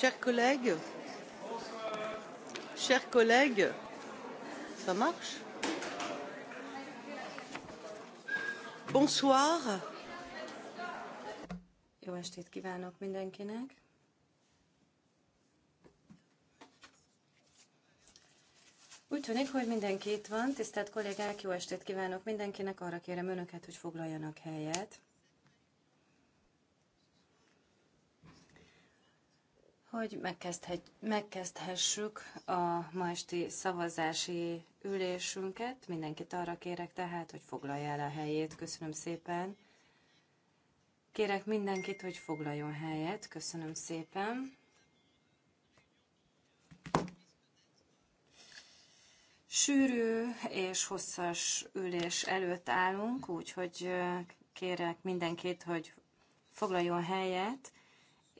Chers collègues, chers collègues, ça marche Bonsoir. Jó estét kívánok mindenkinek. Úgy tűnik, hogy mindenki itt van. Tisztelt kollégák, jó estét kívánok mindenkinek. Arra kérem önöket, hogy foglaljanak helyet. hogy megkezdhessük a ma esti szavazási ülésünket. Mindenkit arra kérek tehát, hogy foglalja el a helyét. Köszönöm szépen. Kérek mindenkit, hogy foglaljon helyet. Köszönöm szépen. Sűrű és hosszas ülés előtt állunk, úgyhogy kérek mindenkit, hogy foglaljon helyet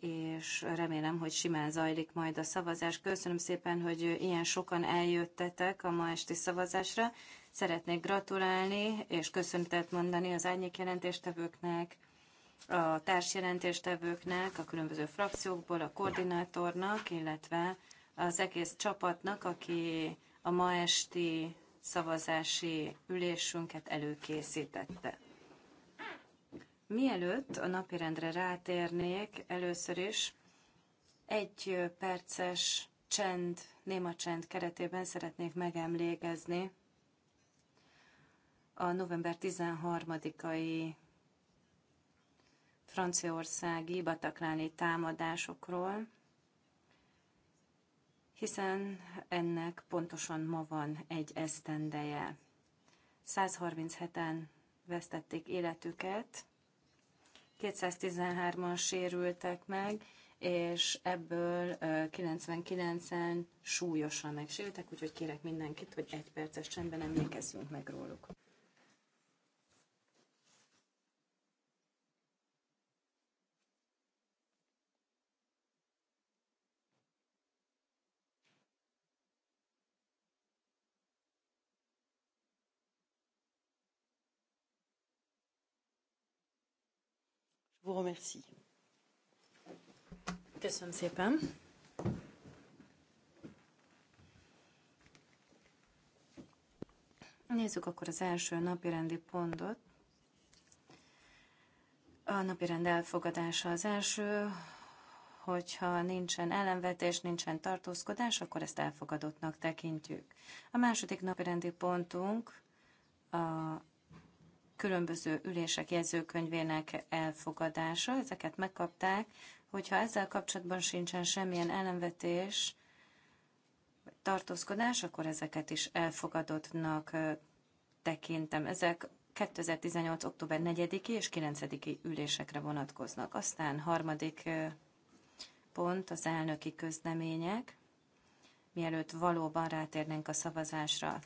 és remélem, hogy simán zajlik majd a szavazás. Köszönöm szépen, hogy ilyen sokan eljöttetek a ma esti szavazásra. Szeretnék gratulálni, és köszöntet mondani az árnyék jelentéstevőknek, a társjelentéstevőknek, a különböző frakciókból, a koordinátornak, illetve az egész csapatnak, aki a ma esti szavazási ülésünket előkészítette. Mielőtt a napirendre rátérnék, először is egy perces csend, néma csend keretében szeretnék megemlékezni a november 13-ai franciaországi batakláni támadásokról, hiszen ennek pontosan ma van egy esztendeje. 137-en vesztették életüket, 213-an sérültek meg, és ebből 99-en súlyosan megsérültek, úgyhogy kérek mindenkit, hogy egy perces csendben emlékezzünk meg róluk. vous remercie. Köszönöm szépen. Nézzük akkor az első napirendi pontot. A napirend elfogadása az első, hogyha nincsen ellenvetés, nincsen tartózkodás, akkor ezt elfogadottnak tekintjük. A második napirendi pontunk a különböző ülések jegyzőkönyvének elfogadása. Ezeket megkapták, hogyha ezzel kapcsolatban sincsen semmilyen ellenvetés, tartózkodás, akkor ezeket is elfogadottnak tekintem. Ezek 2018. október 4 és 9 ülésekre vonatkoznak. Aztán harmadik pont az elnöki közlemények, mielőtt valóban rátérnénk a szavazásra.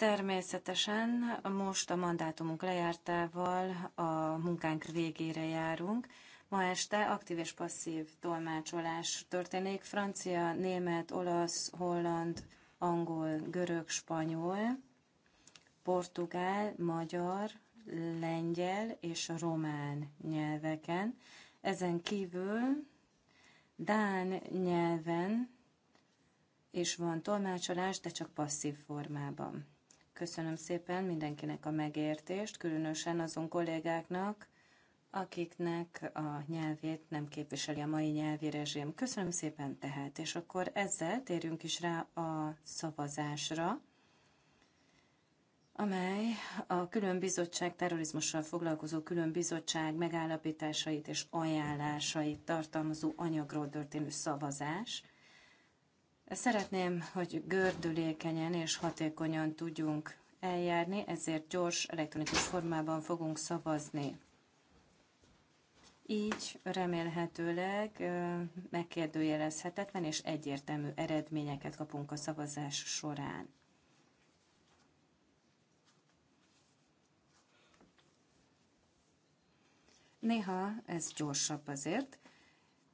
Természetesen most a mandátumunk lejártával a munkánk végére járunk. Ma este aktív és passzív tolmácsolás történik. Francia, német, olasz, holland, angol, görög, spanyol, portugál, magyar, lengyel és román nyelveken. Ezen kívül dán nyelven és van tolmácsolás, de csak passzív formában. Köszönöm szépen mindenkinek a megértést, különösen azon kollégáknak, akiknek a nyelvét nem képviseli a mai nyelvi rezsim. Köszönöm szépen tehát, és akkor ezzel térjünk is rá a szavazásra, amely a külön bizottság terrorizmussal foglalkozó külön bizottság megállapításait és ajánlásait tartalmazó anyagról történő szavazás. Szeretném, hogy gördülékenyen és hatékonyan tudjunk eljárni, ezért gyors elektronikus formában fogunk szavazni. Így remélhetőleg megkérdőjelezhetetlen és egyértelmű eredményeket kapunk a szavazás során. Néha ez gyorsabb azért,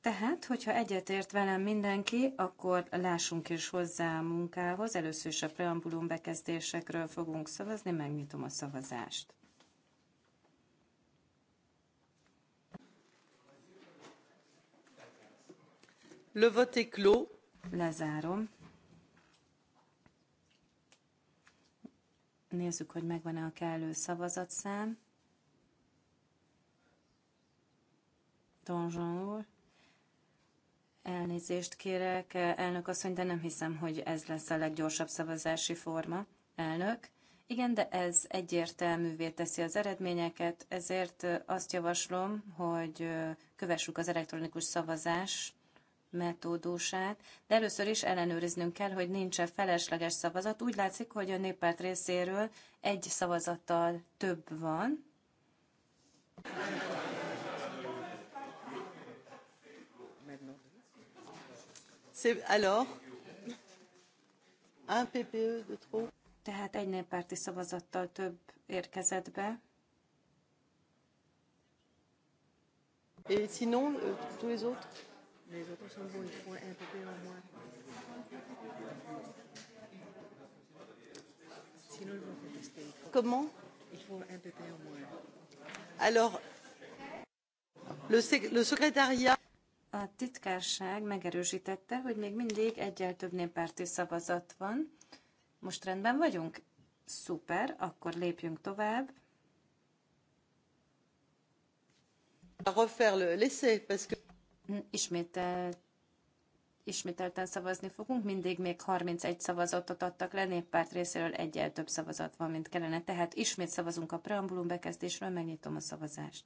tehát, hogyha egyetért velem mindenki, akkor lássunk is hozzá a munkához. Először is a preambulum bekezdésekről fogunk szavazni, megnyitom a szavazást. Le vote est clos. Lezárom. Nézzük, hogy megvan-e a kellő szavazatszám. Donjon úr. Elnézést kérek, elnök asszony, de nem hiszem, hogy ez lesz a leggyorsabb szavazási forma. Elnök. Igen, de ez egyértelművé teszi az eredményeket, ezért azt javaslom, hogy kövessük az elektronikus szavazás metódusát, de először is ellenőriznünk kell, hogy nincs-e felesleges szavazat. Úgy látszik, hogy a néppárt részéről egy szavazattal több van. E Tehát egy néppárti szavazattal több érkezett be. Et sinon, euh, tous les autres Les autres sont bons, il faut un PPE au moins. Sinon, ils vont contester. Comment Il faut un PPE au moins. Alors, le, sec le secrétariat a titkárság megerősítette, hogy még mindig egyel több néppárti szavazat van. Most rendben vagyunk? Szuper, akkor lépjünk tovább. Hm, Ismételt ismételten szavazni fogunk, mindig még 31 szavazatot adtak le, néppárt részéről egyel több szavazat van, mint kellene. Tehát ismét szavazunk a preambulum bekezdésről, megnyitom a szavazást.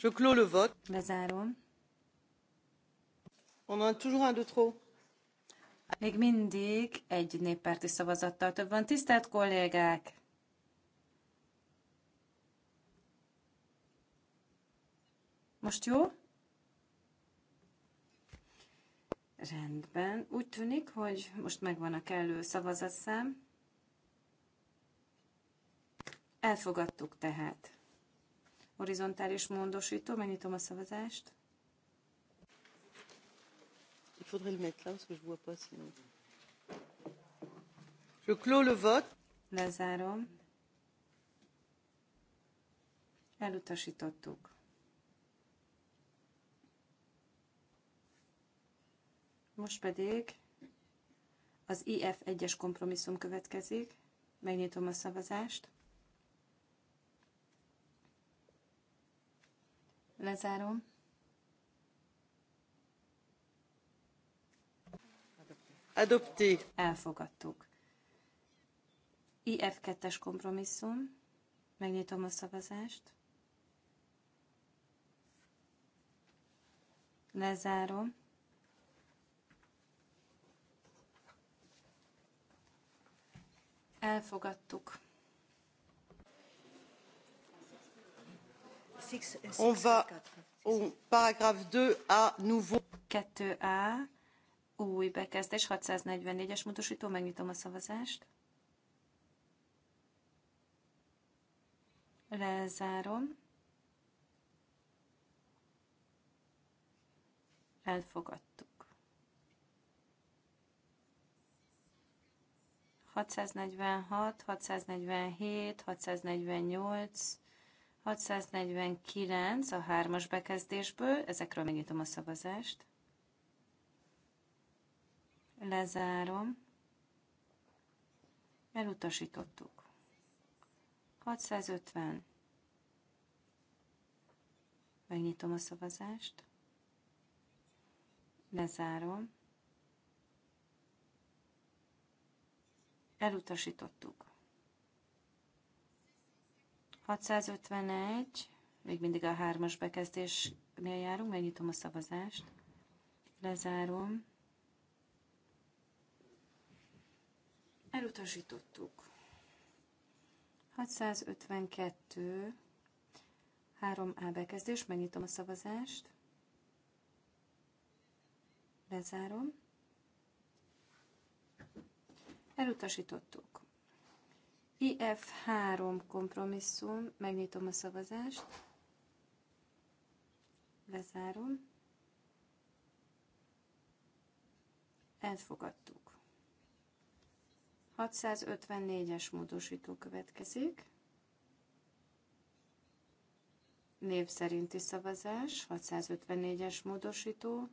Je clôt le vote. Lezárom a toujours un de trop. Még mindig egy néppárti szavazattal több van. Tisztelt kollégák! Most jó? Rendben. Úgy tűnik, hogy most megvan a kellő szavazatszám. Elfogadtuk tehát. Horizontális módosító, megnyitom a szavazást. Il faudrait le mettre là parce que je ne vois pas sinon. Je clôt le vote. Lezárom. Elutasítottuk. Most pedig az IF egyes kompromisszum következik. Megnyitom a szavazást. Lezárom. Adopté. Elfogadtuk. IF2-es kompromisszum. Megnyitom a szavazást. Lezárom. Elfogadtuk. On va, au paragraphe 2 à nouveau. 4 a új bekezdés, 644-es módosító, megnyitom a szavazást. Lezárom. Elfogadtuk. 646, 647, 648, 649 a hármas bekezdésből, ezekről megnyitom a szavazást. Lezárom. Elutasítottuk. 650. Megnyitom a szavazást. Lezárom. Elutasítottuk. 651. Még mindig a hármas bekezdésnél járunk. Megnyitom a szavazást. Lezárom. Elutasítottuk. 652 3A bekezdés, megnyitom a szavazást. Lezárom. Elutasítottuk. IF3 kompromisszum, megnyitom a szavazást. Lezárom. Elfogadtuk. 654-es módosító következik. Név szerinti szavazás, 654-es módosító,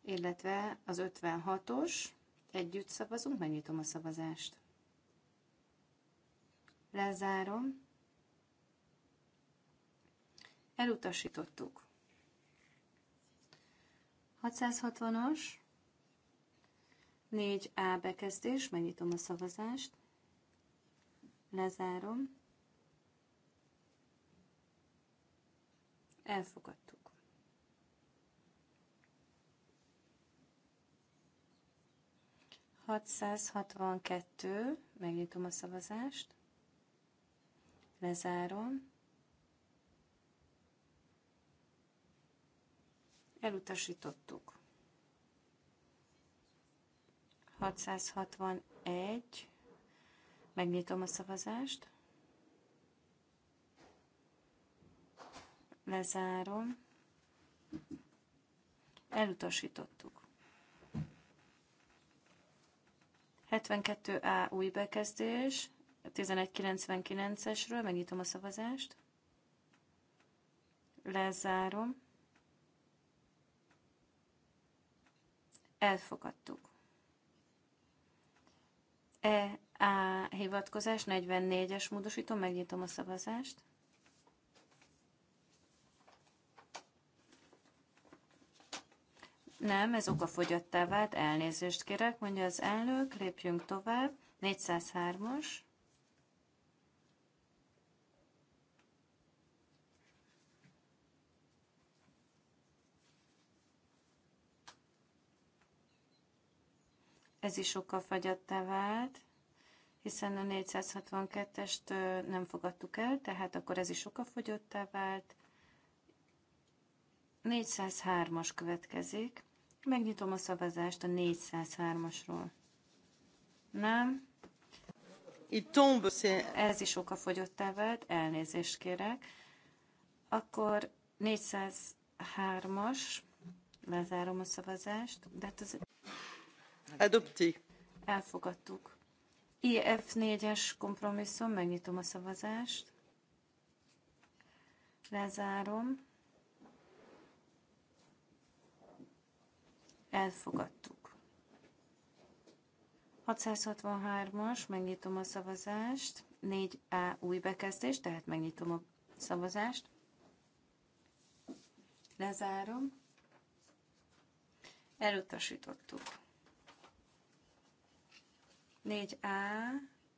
illetve az 56-os. Együtt szavazunk, megnyitom a szavazást. Lezárom. Elutasítottuk. 660-os, 4A bekezdés, megnyitom a szavazást, lezárom, elfogadtuk. kettő, megnyitom a szavazást, lezárom, elutasítottuk. 661. Megnyitom a szavazást. Lezárom. Elutasítottuk. 72A új bekezdés, 1199-esről megnyitom a szavazást. Lezárom. Elfogadtuk. E, a hivatkozás 44-es módosító, megnyitom a szavazást. Nem, ez okafogyottá vált, elnézést kérek, mondja az elnök, lépjünk tovább. 403-as. ez is sokkal fagyattá vált, hiszen a 462-est nem fogadtuk el, tehát akkor ez is sokkal fogyottá vált. 403-as következik. Megnyitom a szavazást a 403-asról. Nem. Itt tombe, Ez is okafogyottá vált, elnézést kérek. Akkor 403-as, lezárom a szavazást, de hát az Adopté. Elfogadtuk. IF4-es kompromisszum, megnyitom a szavazást. Lezárom. Elfogadtuk. 663-as, megnyitom a szavazást. 4A új bekezdés, tehát megnyitom a szavazást. Lezárom. Elutasítottuk. 4A,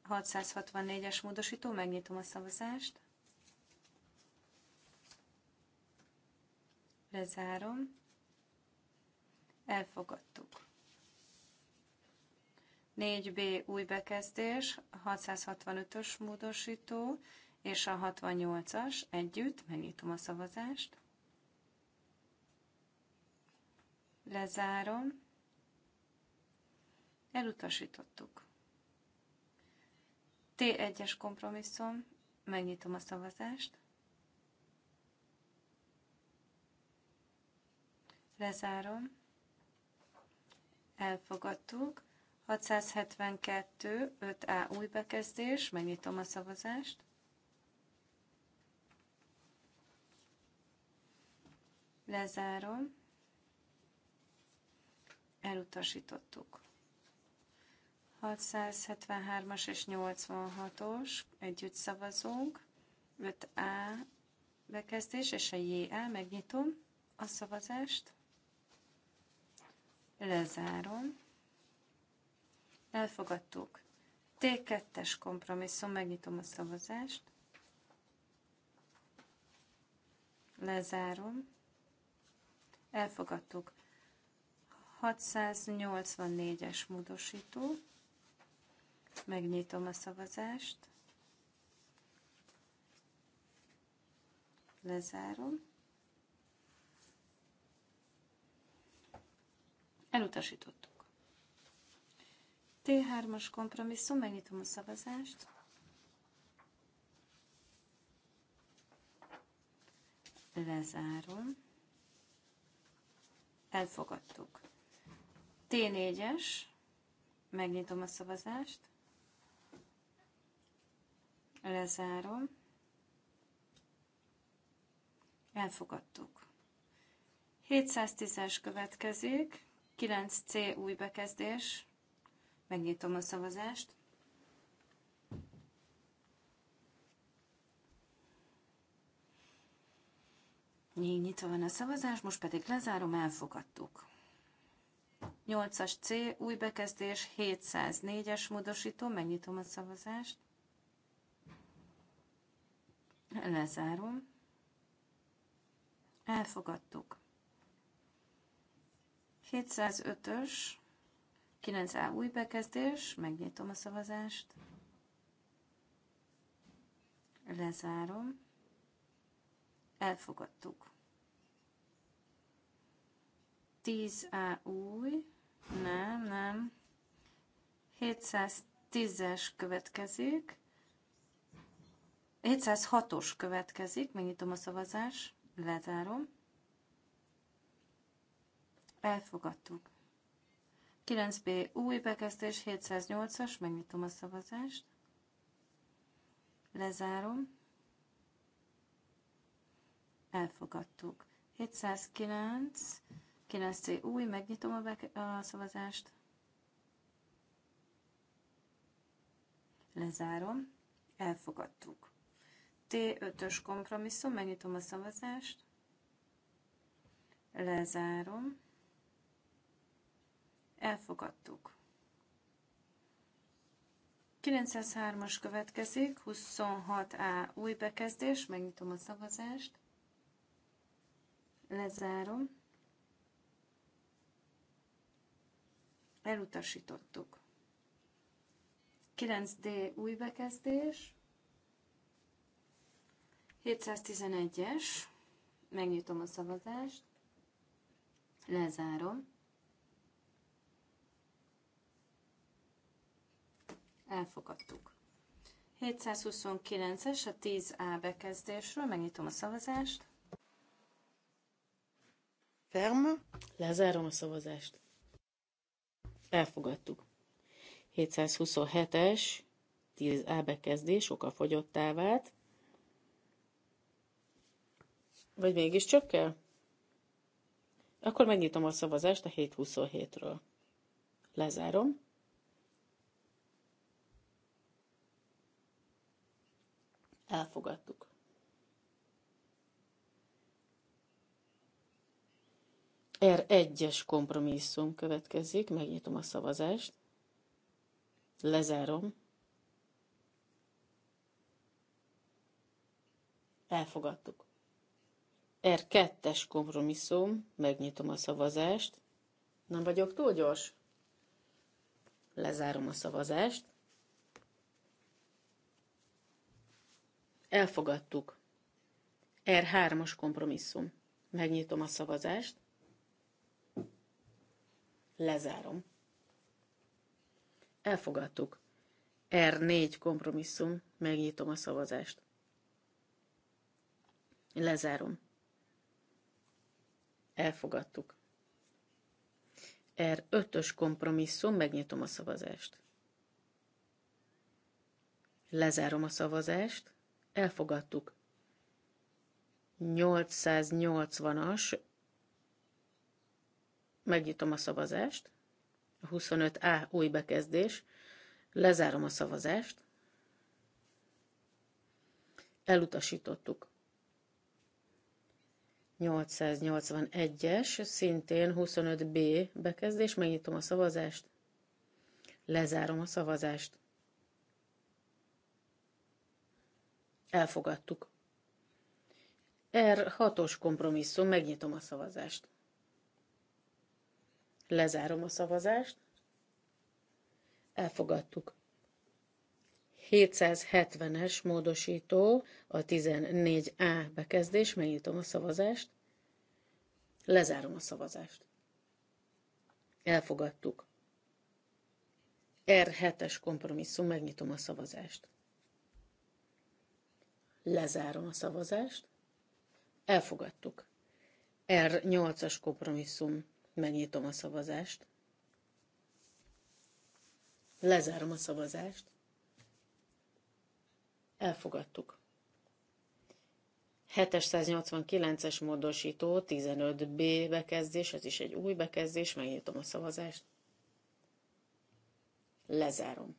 664-es módosító, megnyitom a szavazást. Lezárom. Elfogadtuk. 4B új bekezdés, 665-ös módosító és a 68-as együtt, megnyitom a szavazást. Lezárom. Elutasítottuk. T1-es kompromisszum, megnyitom a szavazást. Lezárom. Elfogadtuk. 672, 5A új bekezdés, megnyitom a szavazást. Lezárom. Elutasítottuk. 673-as és 86-os, együtt szavazunk. 5A bekezdés és a JA, megnyitom a szavazást. Lezárom. Elfogadtuk. T2-es kompromisszum, megnyitom a szavazást. Lezárom. Elfogadtuk. 684-es módosító. Megnyitom a szavazást. Lezárom. Elutasítottuk. T3-as kompromisszum, megnyitom a szavazást. Lezárom. Elfogadtuk. T4-es, megnyitom a szavazást. Lezárom. Elfogadtuk. 710-es következik. 9C új bekezdés. Megnyitom a szavazást. Még nyitva van a szavazás, most pedig lezárom, elfogadtuk. 8-as C, új bekezdés, 704-es módosító, megnyitom a szavazást. Lezárom. Elfogadtuk. 705-ös, 9A új bekezdés, megnyitom a szavazást. Lezárom. Elfogadtuk. 10A új, nem, nem. 710-es következik. 706-os következik, megnyitom a szavazás, lezárom. Elfogadtuk. 9B új bekezdés, 708-as, megnyitom a szavazást. Lezárom. Elfogadtuk. 709, 9C új, megnyitom a, beke- a szavazást. Lezárom. Elfogadtuk. T5-ös kompromisszum, megnyitom a szavazást, lezárom, elfogadtuk. 903-as következik, 26A új bekezdés, megnyitom a szavazást, lezárom, elutasítottuk. 9D új bekezdés, 711-es, megnyitom a szavazást, lezárom, elfogadtuk. 729-es a 10A bekezdésről, megnyitom a szavazást. Ferm. Lezárom a szavazást. Elfogadtuk. 727-es 10A bekezdés fogyottá vált. Vagy mégiscsak kell? Akkor megnyitom a szavazást a 727-ről. Lezárom. Elfogadtuk. R1-es kompromisszum következik, megnyitom a szavazást, lezárom, elfogadtuk. R2-es kompromisszum, megnyitom a szavazást. Nem vagyok túl gyors? Lezárom a szavazást. Elfogadtuk. r 3 os kompromisszum. Megnyitom a szavazást. Lezárom. Elfogadtuk. R4 kompromisszum. Megnyitom a szavazást. Lezárom. Elfogadtuk. Er ötös kompromisszum, megnyitom a szavazást. Lezárom a szavazást, elfogadtuk. 880-as, megnyitom a szavazást, a 25A új bekezdés, lezárom a szavazást, elutasítottuk. 881-es, szintén 25B bekezdés, megnyitom a szavazást, lezárom a szavazást. Elfogadtuk. R6-os kompromisszum, megnyitom a szavazást. Lezárom a szavazást. Elfogadtuk. 770-es módosító, a 14A bekezdés, megnyitom a szavazást, lezárom a szavazást. Elfogadtuk. R7-es kompromisszum, megnyitom a szavazást. Lezárom a szavazást. Elfogadtuk. R8-as kompromisszum, megnyitom a szavazást. Lezárom a szavazást. Elfogadtuk. 789-es módosító, 15B bekezdés, ez is egy új bekezdés, megnyitom a szavazást. Lezárom.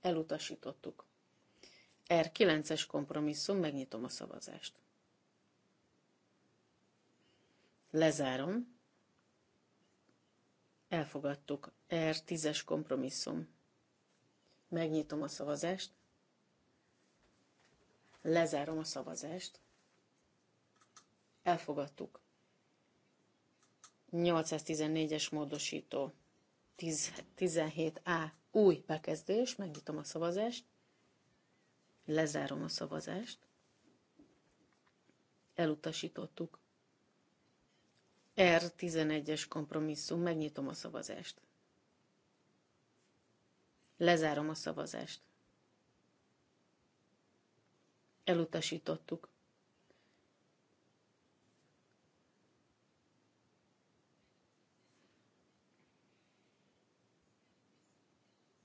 Elutasítottuk. R9-es kompromisszum, megnyitom a szavazást. Lezárom. Elfogadtuk. R10-es kompromisszum. Megnyitom a szavazást. Lezárom a szavazást. Elfogadtuk. 814-es módosító. 10, 17A. Új bekezdés. Megnyitom a szavazást. Lezárom a szavazást. Elutasítottuk. R11-es kompromisszum. Megnyitom a szavazást. Lezárom a szavazást. Elutasítottuk.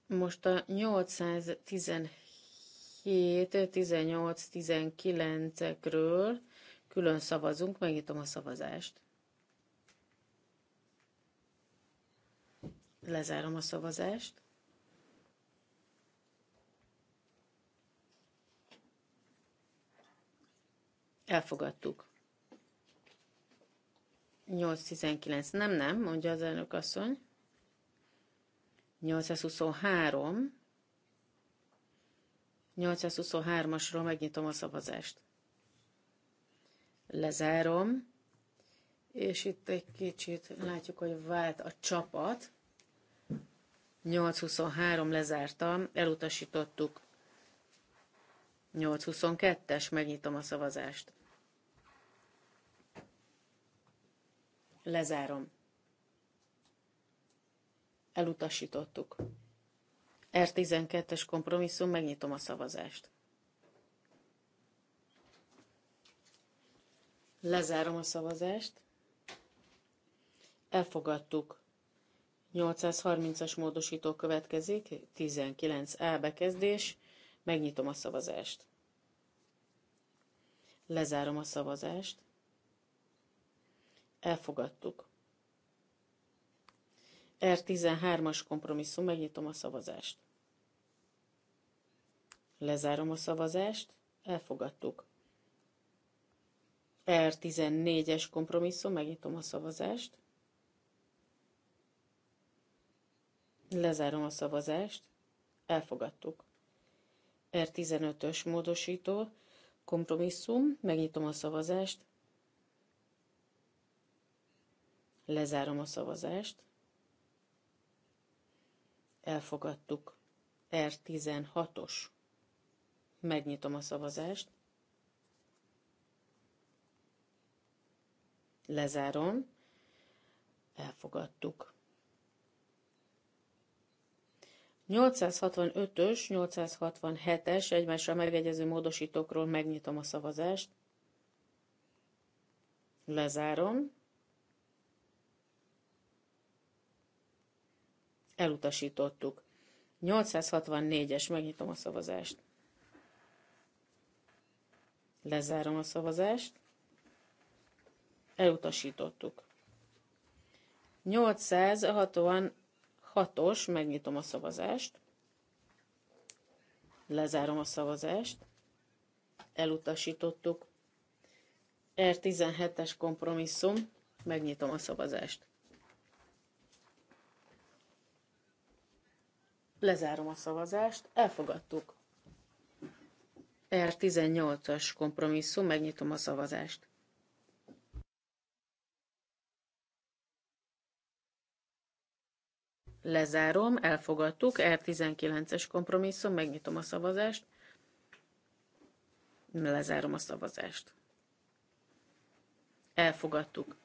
Most a 817, 18, 19-ekről külön szavazunk, megnyitom a szavazást. Lezárom a szavazást. Elfogadtuk. 819. Nem, nem, mondja az elnök asszony. 823. 823-asról megnyitom a szavazást. Lezárom, és itt egy kicsit látjuk, hogy vált a csapat. 823 lezártam, elutasítottuk 822-es, megnyitom a szavazást. Lezárom. Elutasítottuk. R12-es kompromisszum, megnyitom a szavazást. Lezárom a szavazást. Elfogadtuk. 830-as módosító következik, 19A bekezdés Megnyitom a szavazást. Lezárom a szavazást. Elfogadtuk. R13-as kompromisszum, megnyitom a szavazást. Lezárom a szavazást, elfogadtuk. R14-es kompromisszum, megnyitom a szavazást. Lezárom a szavazást, elfogadtuk. R15-ös módosító, kompromisszum, megnyitom a szavazást, lezárom a szavazást, elfogadtuk. R16-os, megnyitom a szavazást, lezárom, elfogadtuk. 865-ös, 867-es egymásra megegyező módosítókról megnyitom a szavazást. Lezárom. Elutasítottuk. 864-es, megnyitom a szavazást. Lezárom a szavazást. Elutasítottuk. 860 Hatos, megnyitom a szavazást. Lezárom a szavazást. Elutasítottuk. R17-es kompromisszum. Megnyitom a szavazást. Lezárom a szavazást. Elfogadtuk. R18-as kompromisszum. Megnyitom a szavazást. Lezárom, elfogadtuk, R19-es kompromisszum, megnyitom a szavazást, lezárom a szavazást. Elfogadtuk.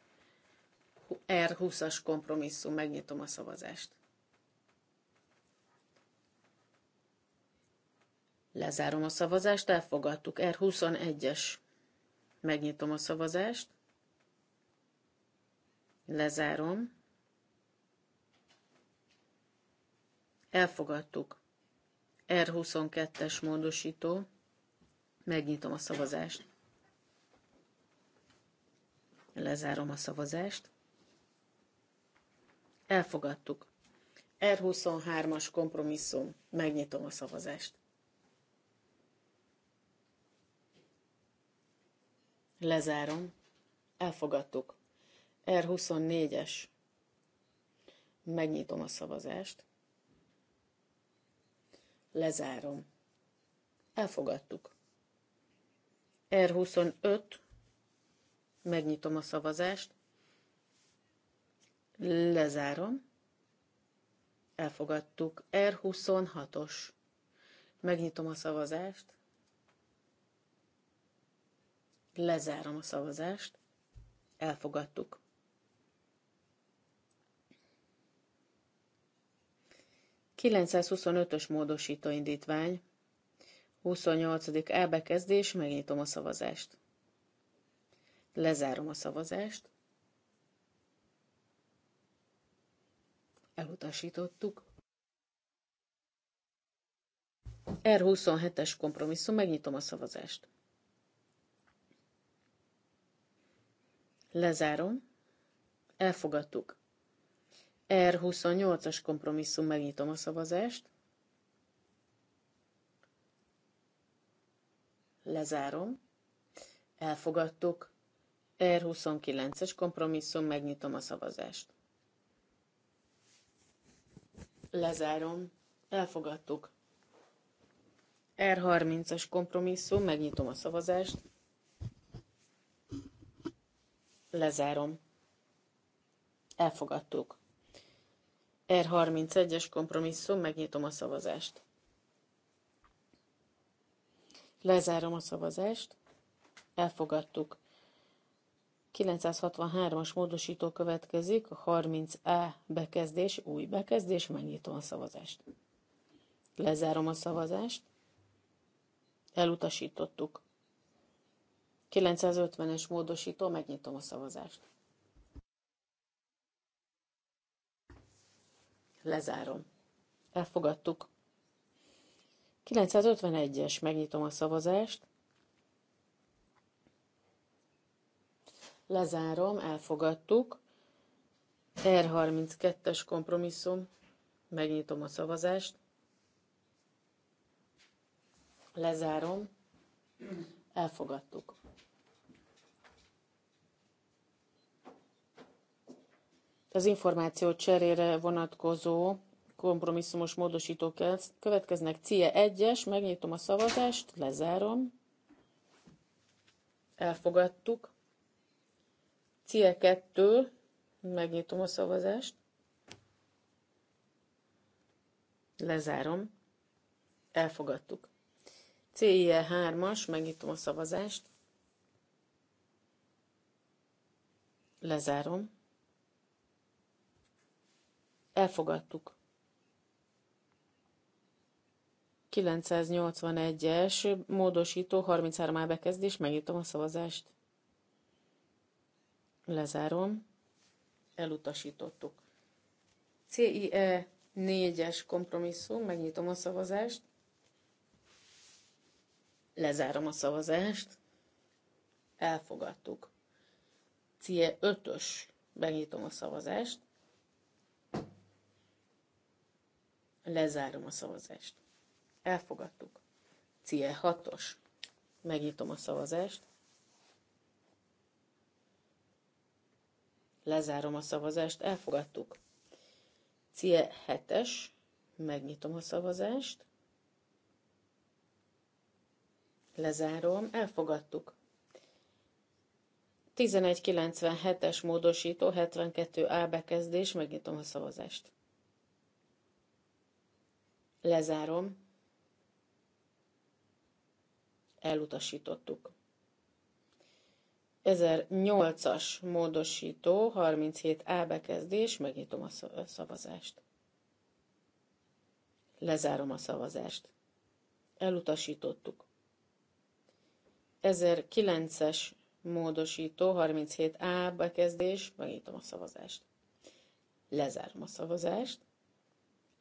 R20-as kompromisszum, megnyitom a szavazást. Lezárom a szavazást, elfogadtuk. R21-es, megnyitom a szavazást. Lezárom. Elfogadtuk. R22-es módosító. Megnyitom a szavazást. Lezárom a szavazást. Elfogadtuk. R23-as kompromisszum. Megnyitom a szavazást. Lezárom. Elfogadtuk. R24-es. Megnyitom a szavazást. Lezárom. Elfogadtuk. R25. Megnyitom a szavazást. Lezárom. Elfogadtuk. R26-os. Megnyitom a szavazást. Lezárom a szavazást. Elfogadtuk. 925-ös módosító indítvány, 28. elbekezdés, megnyitom a szavazást. Lezárom a szavazást. Elutasítottuk. R27-es kompromisszum, megnyitom a szavazást. Lezárom. Elfogadtuk. R28-as kompromisszum, megnyitom a szavazást. Lezárom. Elfogadtuk. R29-es kompromisszum, megnyitom a szavazást. Lezárom. Elfogadtuk. R30-as kompromisszum, megnyitom a szavazást. Lezárom. Elfogadtuk. R31-es kompromisszum, megnyitom a szavazást. Lezárom a szavazást. Elfogadtuk. 963-as módosító következik, a 30A bekezdés, új bekezdés, megnyitom a szavazást. Lezárom a szavazást. Elutasítottuk. 950-es módosító, megnyitom a szavazást. Lezárom. Elfogadtuk. 951-es. Megnyitom a szavazást. Lezárom. Elfogadtuk. R32-es kompromisszum. Megnyitom a szavazást. Lezárom. Elfogadtuk. Az információ cserére vonatkozó kompromisszumos módosítók következnek. CIE 1-es, megnyitom a szavazást, lezárom. Elfogadtuk. CIE 2, megnyitom a szavazást. Lezárom. Elfogadtuk. CIE 3-as, megnyitom a szavazást. Lezárom. Elfogadtuk. 981-es módosító 33 bekezdés, megnyitom a szavazást. Lezárom. Elutasítottuk. CIE 4-es kompromisszum, megnyitom a szavazást. Lezárom a szavazást. Elfogadtuk. CIE 5-ös, megnyitom a szavazást. Lezárom a szavazást. Elfogadtuk. Cie 6-os. Megnyitom a szavazást. Lezárom a szavazást. Elfogadtuk. Cie 7-es. Megnyitom a szavazást. Lezárom. Elfogadtuk. 1197-es módosító 72A bekezdés. Megnyitom a szavazást. Lezárom. Elutasítottuk. 1008-as módosító, 37A bekezdés, megnyitom a szavazást. Lezárom a szavazást. Elutasítottuk. 1009-es módosító, 37A bekezdés, megnyitom a szavazást. Lezárom a szavazást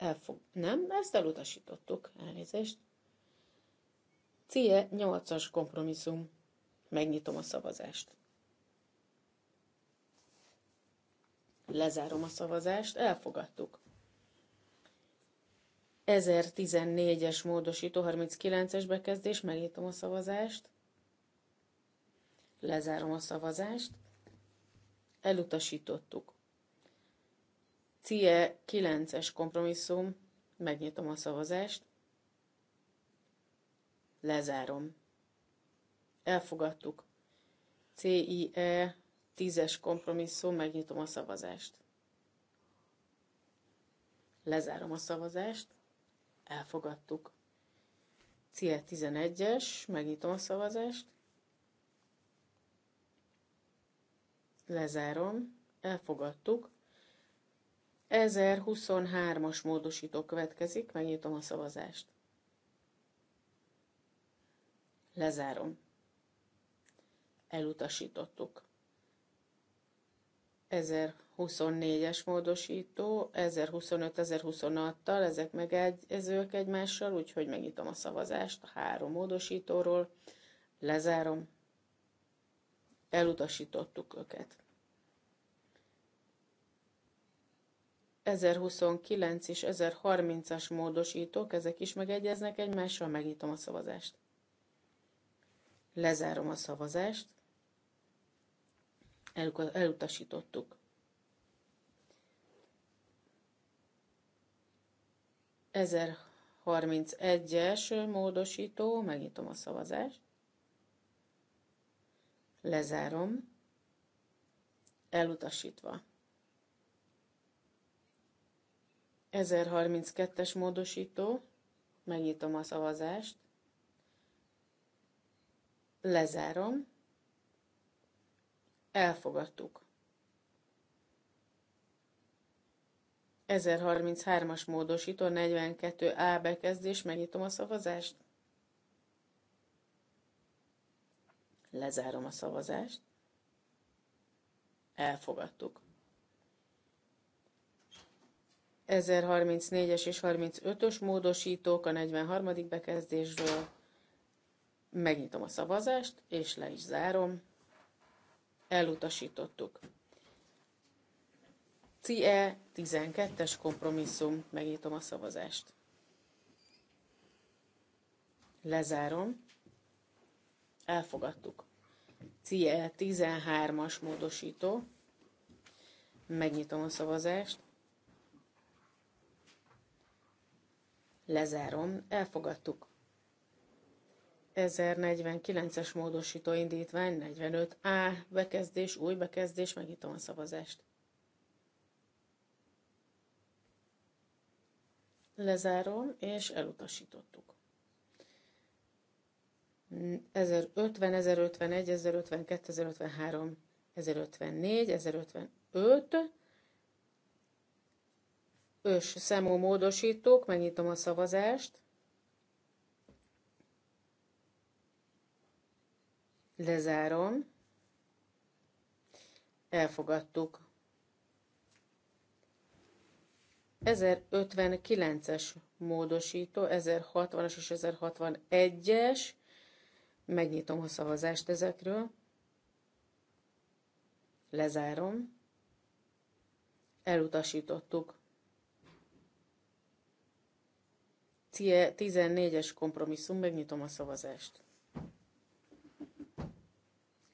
elfog... Nem, ezt elutasítottuk. Elnézést. CIE 8-as kompromisszum. Megnyitom a szavazást. Lezárom a szavazást, elfogadtuk. 1014-es módosító 39-es bekezdés, megnyitom a szavazást. Lezárom a szavazást. Elutasítottuk. CIE 9-es kompromisszum, megnyitom a szavazást, lezárom. Elfogadtuk. CIE 10-es kompromisszum, megnyitom a szavazást. Lezárom a szavazást, elfogadtuk. CIE 11-es, megnyitom a szavazást, lezárom, elfogadtuk. 1023-as módosító következik, megnyitom a szavazást. Lezárom. Elutasítottuk. 1024-es módosító, 1025-1026-tal, ezek megegyezők egymással, úgyhogy megnyitom a szavazást a három módosítóról, lezárom, elutasítottuk őket. 1029 és 1030-as módosítók, ezek is megegyeznek egymással, megnyitom a szavazást. Lezárom a szavazást. elutasítottuk. Ezer 31-es módosító, megnyitom a szavazást, lezárom, elutasítva. 1032-es módosító, megnyitom a szavazást, lezárom, elfogadtuk. 1033-as módosító, 42A bekezdés, megnyitom a szavazást. Lezárom a szavazást. Elfogadtuk. 1034-es és 35-ös módosítók a 43. bekezdésről. Megnyitom a szavazást, és le is zárom. Elutasítottuk. CE 12-es kompromisszum. Megnyitom a szavazást. Lezárom. Elfogadtuk. CE 13-as módosító. Megnyitom a szavazást. Lezárom, elfogadtuk. 1049-es módosító indítvány, 45A bekezdés, új bekezdés, megnyitom a szavazást. Lezárom, és elutasítottuk. 1050, 1051, 1052, 1053, 1054, 1055, ös számú módosítók, megnyitom a szavazást, lezárom, elfogadtuk. 1059-es módosító, 1060-as és 1061-es, megnyitom a szavazást ezekről, lezárom, elutasítottuk. 14-es kompromisszum, megnyitom a szavazást.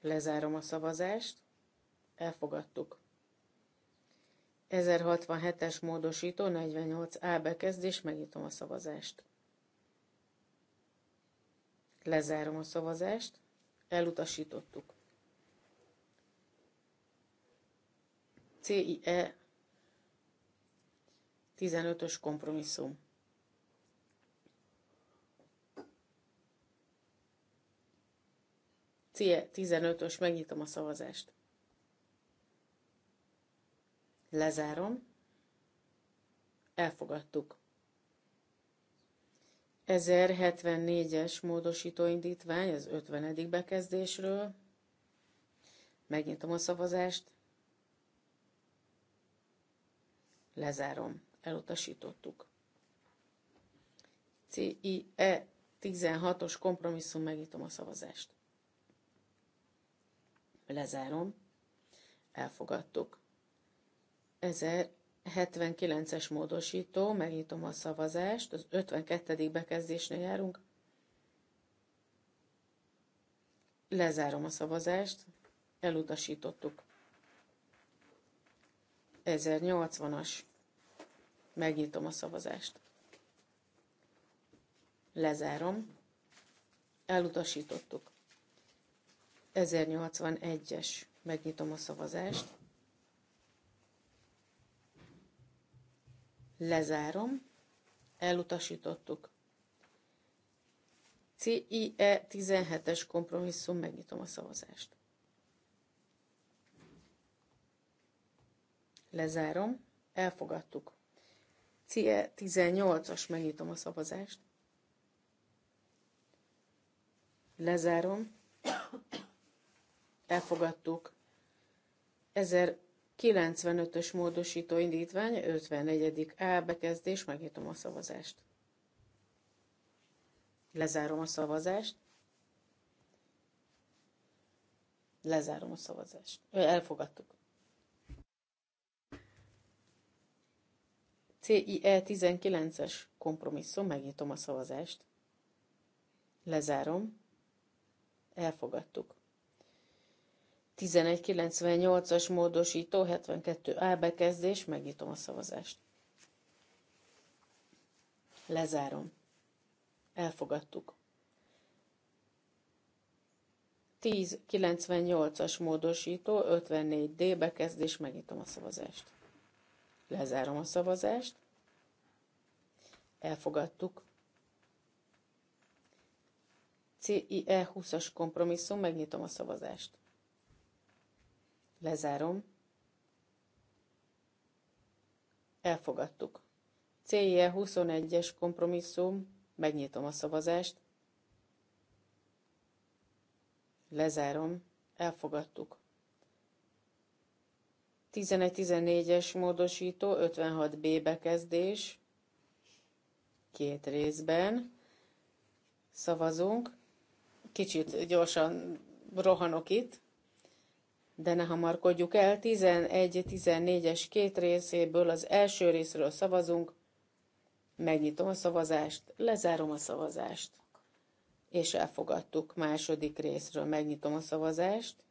Lezárom a szavazást. Elfogadtuk. 1067-es módosító 48A bekezdés, megnyitom a szavazást. Lezárom a szavazást. Elutasítottuk. CIE 15-ös kompromisszum. 15-ös, megnyitom a szavazást. Lezárom. Elfogadtuk. 1074-es módosítóindítvány az 50. bekezdésről. Megnyitom a szavazást. Lezárom. Elutasítottuk. CIE 16-os kompromisszum, megnyitom a szavazást. Lezárom. Elfogadtuk. 1079-es módosító, megnyitom a szavazást, az 52. bekezdésnél járunk. Lezárom a szavazást, elutasítottuk. 1080-as, megnyitom a szavazást. Lezárom, elutasítottuk. 1081-es. Megnyitom a szavazást. Lezárom. Elutasítottuk. CIE 17-es kompromisszum. Megnyitom a szavazást. Lezárom. Elfogadtuk. CIE 18-as. Megnyitom a szavazást. Lezárom elfogadtuk. 1095-ös módosító indítvány, 54. A bekezdés, megnyitom a szavazást. Lezárom a szavazást. Lezárom a szavazást. Elfogadtuk. CIE 19-es kompromisszum, megnyitom a szavazást. Lezárom. Elfogadtuk. 1198-as módosító, 72 A bekezdés, megnyitom a szavazást. Lezárom. Elfogadtuk. 10.98-as módosító, 54 D bekezdés, megnyitom a szavazást. Lezárom a szavazást. Elfogadtuk. CIE 20-as kompromisszum, megnyitom a szavazást. Lezárom. Elfogadtuk. Célje 21-es kompromisszum. Megnyitom a szavazást. Lezárom. Elfogadtuk. 11-14-es módosító, 56B bekezdés, két részben szavazunk. Kicsit gyorsan rohanok itt. De ne hamarkodjuk el, 11-14-es két részéből az első részről szavazunk, megnyitom a szavazást, lezárom a szavazást, és elfogadtuk második részről, megnyitom a szavazást,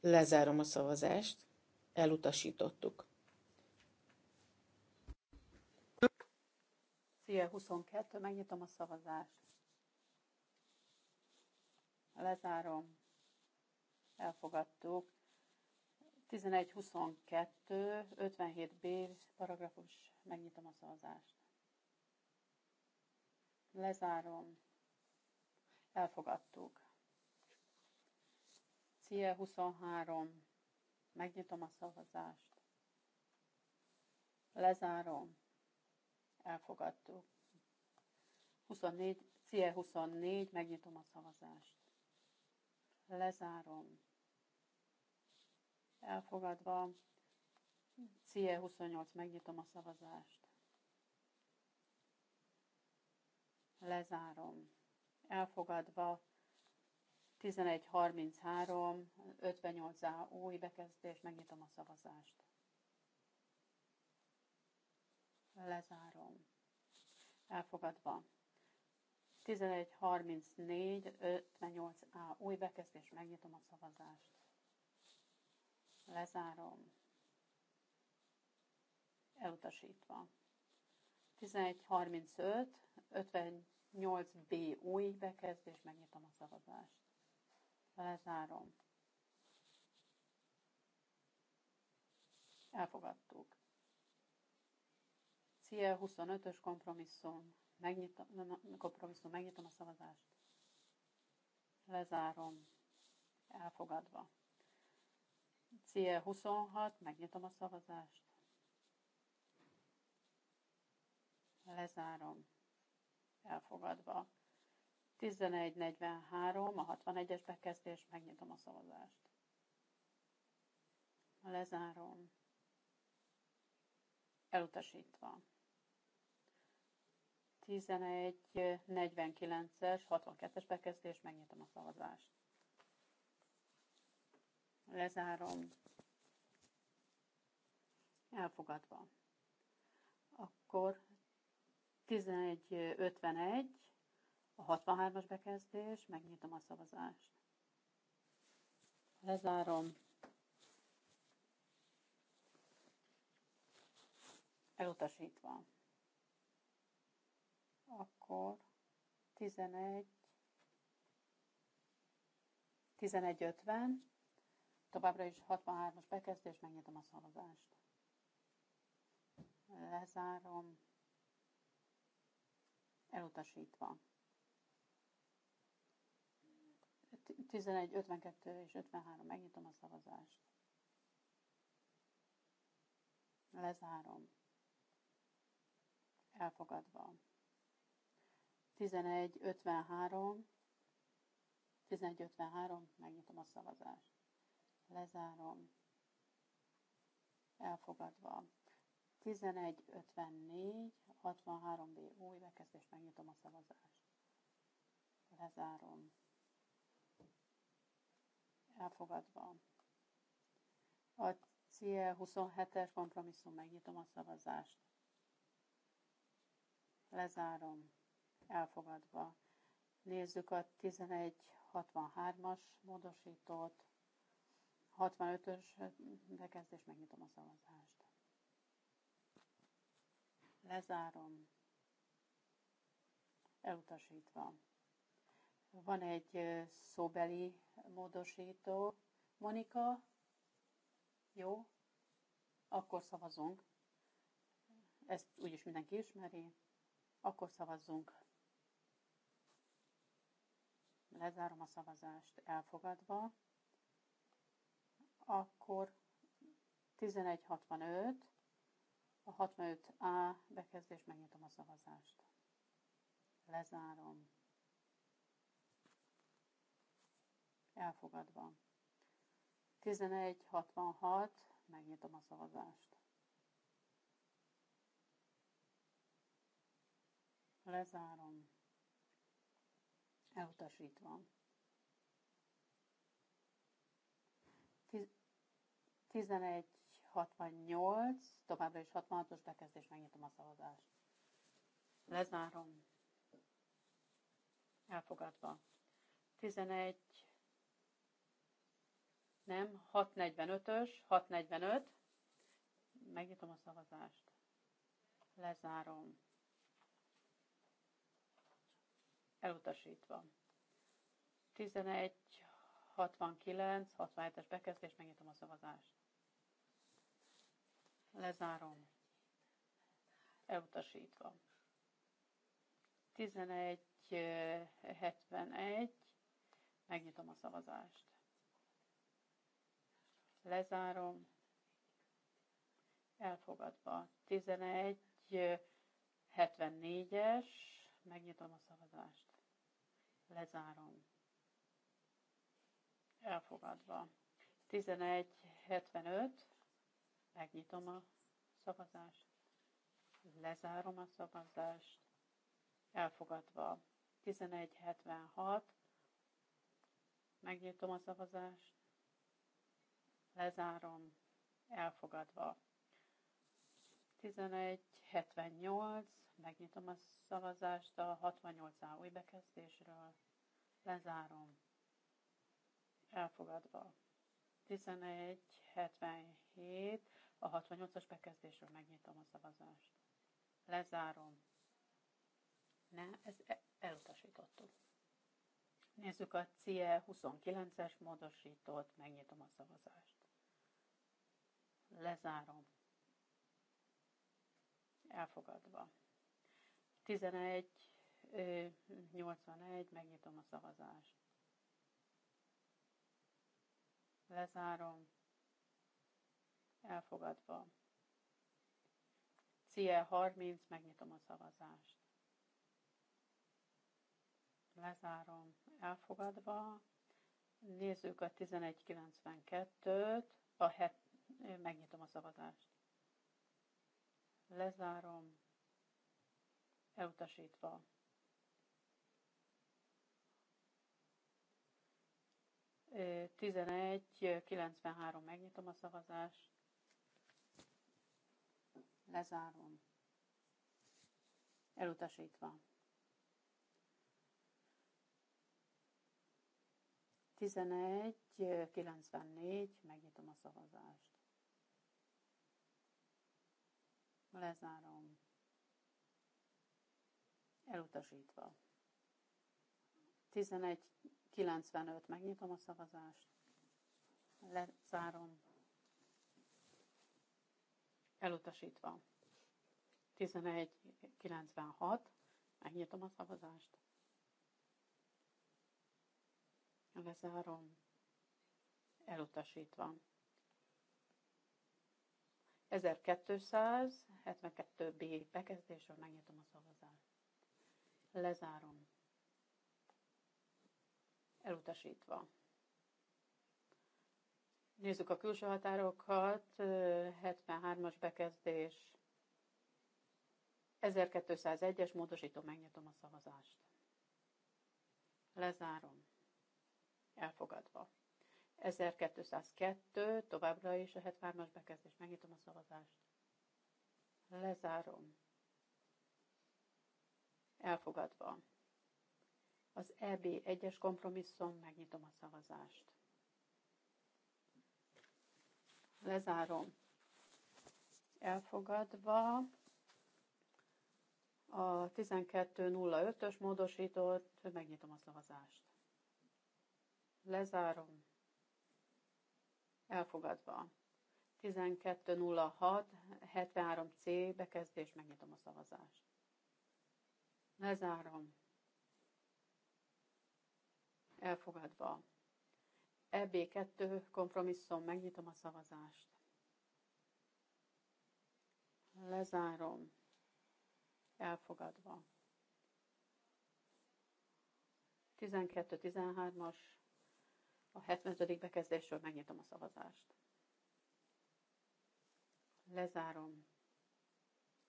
lezárom a szavazást, elutasítottuk. Szia 22, megnyitom a szavazást. Lezárom. Elfogadtuk. 11.22, 57b paragrafus, megnyitom a szavazást. Lezárom. Elfogadtuk. CIE 23, megnyitom a szavazást. Lezárom. Elfogadtuk. 24, CIE 24, megnyitom a szavazást lezárom. Elfogadva, CIE 28, megnyitom a szavazást. Lezárom. Elfogadva, 11.33, 58 A új bekezdés, megnyitom a szavazást. Lezárom. Elfogadva. 11.34.58a új bekezdés, megnyitom a szavazást. Lezárom. Elutasítva. 113558 b új bekezdés, megnyitom a szavazást. Lezárom. Elfogadtuk. CIE 25-ös kompromisszum Megnyitom, nem, kompromisszum, megnyitom a szavazást. Lezárom. Elfogadva. CIE 26, megnyitom a szavazást. Lezárom. Elfogadva. 11.43, a 61-es bekezdés, megnyitom a szavazást. Lezárom. Elutasítva. 11.49-es, 62-es bekezdés, megnyitom a szavazást. Lezárom. Elfogadva. Akkor 11.51, a 63-as bekezdés, megnyitom a szavazást. Lezárom. Elutasítva akkor 11, 11.50, továbbra is 63-as bekezdés, megnyitom a szavazást. Lezárom, elutasítva. 11.52 és 53, megnyitom a szavazást. Lezárom. Elfogadva. 11.53, 11.53, megnyitom a szavazást. Lezárom. Elfogadva. 11.54, 63B új bekezdés, megnyitom a szavazást. Lezárom. Elfogadva. A CIE 27-es kompromisszum, megnyitom a szavazást. Lezárom elfogadva. Nézzük a 1163-as módosítót, 65-ös bekezdés, megnyitom a szavazást. Lezárom. Elutasítva. Van egy szóbeli módosító. Monika, jó, akkor szavazunk. Ezt úgyis mindenki ismeri. Akkor szavazzunk lezárom a szavazást elfogadva, akkor 1165, a 65A bekezdés, megnyitom a szavazást. Lezárom. Elfogadva. 1166, megnyitom a szavazást. Lezárom. Elutasítva. 11.68, továbbra is 66-os bekezdés, megnyitom a szavazást. Lezárom. Elfogadva. 11. Nem, 645-ös, 645. Megnyitom a szavazást. Lezárom. elutasítva. 11, 69, 67-es bekezdés, megnyitom a szavazást. Lezárom. Elutasítva. 11.71. megnyitom a szavazást. Lezárom. Elfogadva. 1174 es megnyitom a szavazást. Lezárom. Elfogadva. 11.75. Megnyitom a szavazást. Lezárom a szavazást. Elfogadva. 11.76. Megnyitom a szavazást. Lezárom. Elfogadva. 11.78. Megnyitom a szavazást a 68A új bekezdésről. Lezárom. Elfogadva. 11.77. A 68-as bekezdésről megnyitom a szavazást. Lezárom. Ne, ez e- elutasítottuk. Nézzük a CIE 29-es módosítót, megnyitom a szavazást. Lezárom. Elfogadva. 11.81, megnyitom a szavazást. Lezárom. Elfogadva. CIE 30, megnyitom a szavazást. Lezárom. Elfogadva. Nézzük a 1192-t, a het, megnyitom a szavazást. Lezárom elutasítva. Tizenegy, kilencvenhárom, megnyitom a szavazást, lezárom, elutasítva. kilencvennégy, megnyitom a szavazást. Lezárom. Elutasítva. 11.95. Megnyitom a szavazást. Lezárom. Elutasítva. 11.96. Megnyitom a szavazást. Lezárom. Elutasítva. 1272B bekezdésről megnyitom a szavazást. Lezárom. Elutasítva. Nézzük a külső határokat. 73-as bekezdés. 1201-es módosító, megnyitom a szavazást. Lezárom. Elfogadva. 1202, továbbra is a 73-as bekezdés, megnyitom a szavazást. Lezárom. Elfogadva. Az EB egyes kompromisszum, megnyitom a szavazást. Lezárom. Elfogadva a 12.05-ös módosított, megnyitom a szavazást. Lezárom. Elfogadva. 12.06, 73C bekezdés, megnyitom a szavazást. Lezárom. Elfogadva. EB2 kompromisszum, megnyitom a szavazást. Lezárom. Elfogadva. 12-13-as, a 75. bekezdésről megnyitom a szavazást. Lezárom.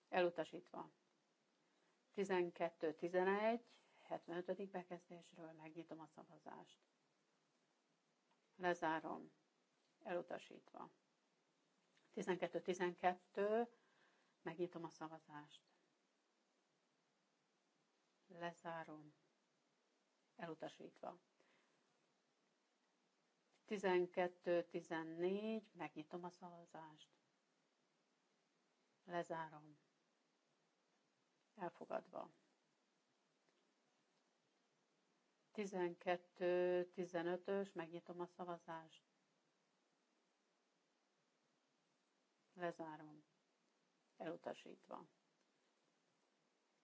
Elutasítva. 12.11. 75. bekezdésről megnyitom a szavazást. Lezárom. Elutasítva. 12.12. 12, megnyitom a szavazást. Lezárom. Elutasítva. 12.14. Megnyitom a szavazást. Lezárom elfogadva. 12-15-ös, megnyitom a szavazást. Lezárom. Elutasítva.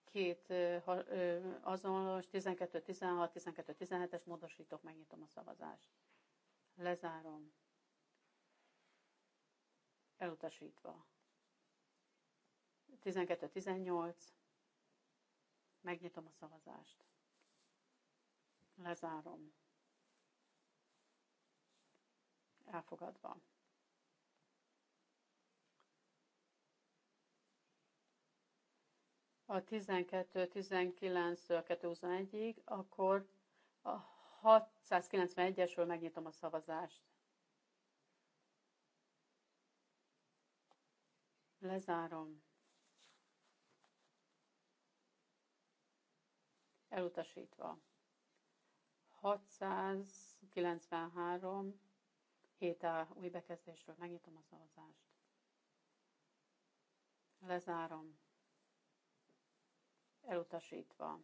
Két azonos, 12-16, 12-17-es módosítok, megnyitom a szavazást. Lezárom. Elutasítva. 12-18, Megnyitom a szavazást. Lezárom. Elfogadva. A 12-19-től 221-ig, akkor a 691-esről megnyitom a szavazást. Lezárom. elutasítva. 693 hét a új bekezdésről megnyitom a szavazást. Lezárom. Elutasítva.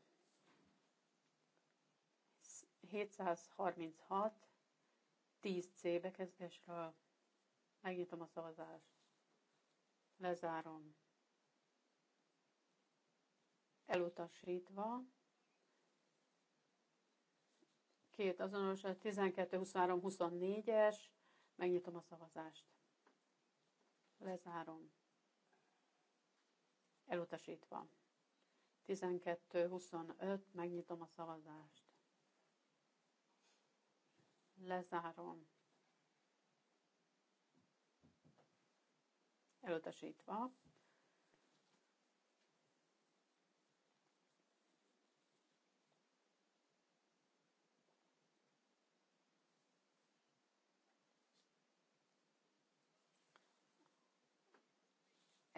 736 10C bekezdésről megnyitom a szavazást. Lezárom. Elutasítva két azonos, a 12, 23, 24-es, megnyitom a szavazást. Lezárom. Elutasítva. 12, 25, megnyitom a szavazást. Lezárom. Elutasítva.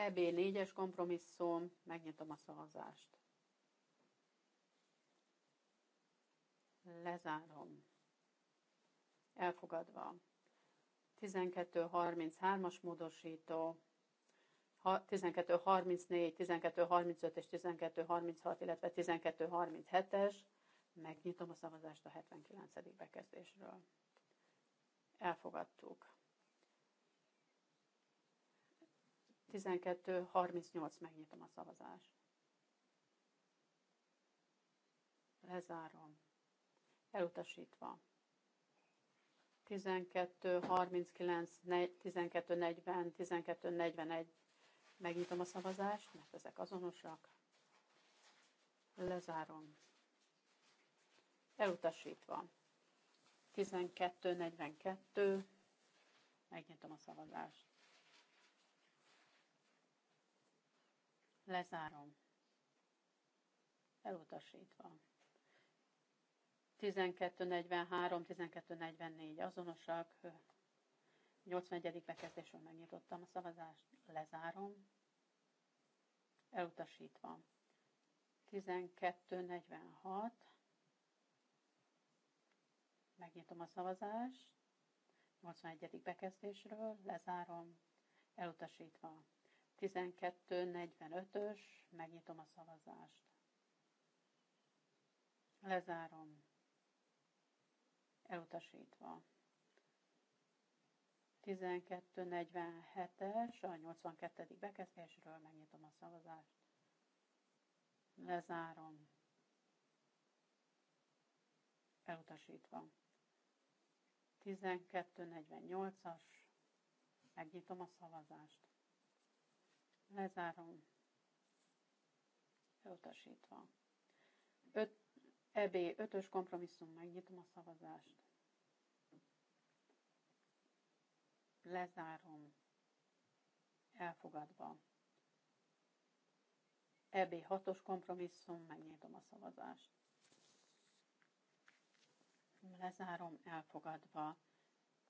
EB4-es kompromisszum, megnyitom a szavazást. Lezárom. Elfogadva. 12.33-as módosító, 12.34, 12.35 és 12.36, illetve 12.37-es. Megnyitom a szavazást a 79. bekezdésről. Elfogadtuk. 12.38 megnyitom a szavazást. Lezárom. Elutasítva. 12.39, 12.40, 12.41. Megnyitom a szavazást, mert ezek azonosak. Lezárom. Elutasítva. 12.42. Megnyitom a szavazást. Lezárom. Elutasítva. 1243, 1244 azonosak. 81. bekezdésről megnyitottam a szavazást. Lezárom. Elutasítva. 1246. Megnyitom a szavazást. 81. bekezdésről lezárom, elutasítva. 12.45-ös, megnyitom a szavazást. Lezárom. Elutasítva. 12.47-es, a 82. bekezdésről megnyitom a szavazást. Lezárom. Elutasítva. 12.48-as, megnyitom a szavazást. Lezárom. Elutasítva. Öt, EB 5-ös kompromisszum, megnyitom a szavazást. Lezárom. Elfogadva. EB 6-os kompromisszum, megnyitom a szavazást. Lezárom, elfogadva.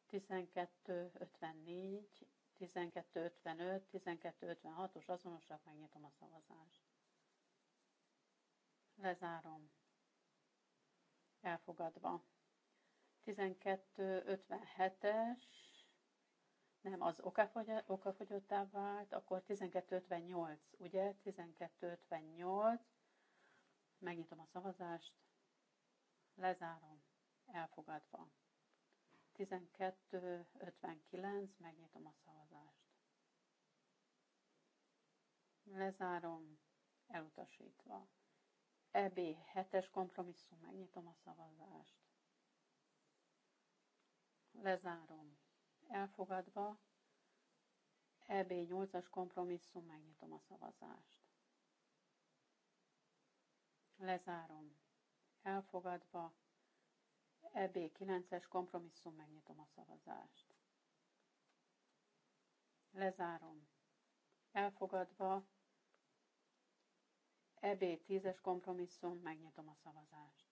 12.54 1255, 1256-os azonosak, megnyitom a szavazást. Lezárom. Elfogadva. 1257-es, nem, az okafogyottá vált, akkor 1258, ugye? 1258, megnyitom a szavazást, lezárom, elfogadva. 12.59, megnyitom a szavazást. Lezárom, elutasítva. EB 7-es kompromisszum, megnyitom a szavazást. Lezárom, elfogadva. EB 8-as kompromisszum, megnyitom a szavazást. Lezárom, elfogadva. EB9-es kompromisszum, megnyitom a szavazást. Lezárom. Elfogadva. EB10-es kompromisszum, megnyitom a szavazást.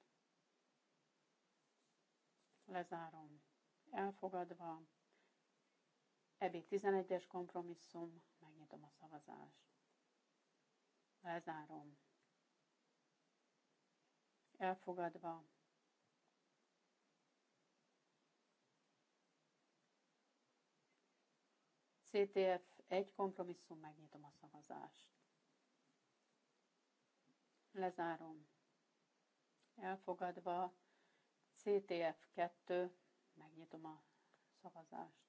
Lezárom. Elfogadva. EB11-es kompromisszum, megnyitom a szavazást. Lezárom. Elfogadva. CTF egy kompromisszum, megnyitom a szavazást. Lezárom. Elfogadva CTF 2, megnyitom a szavazást.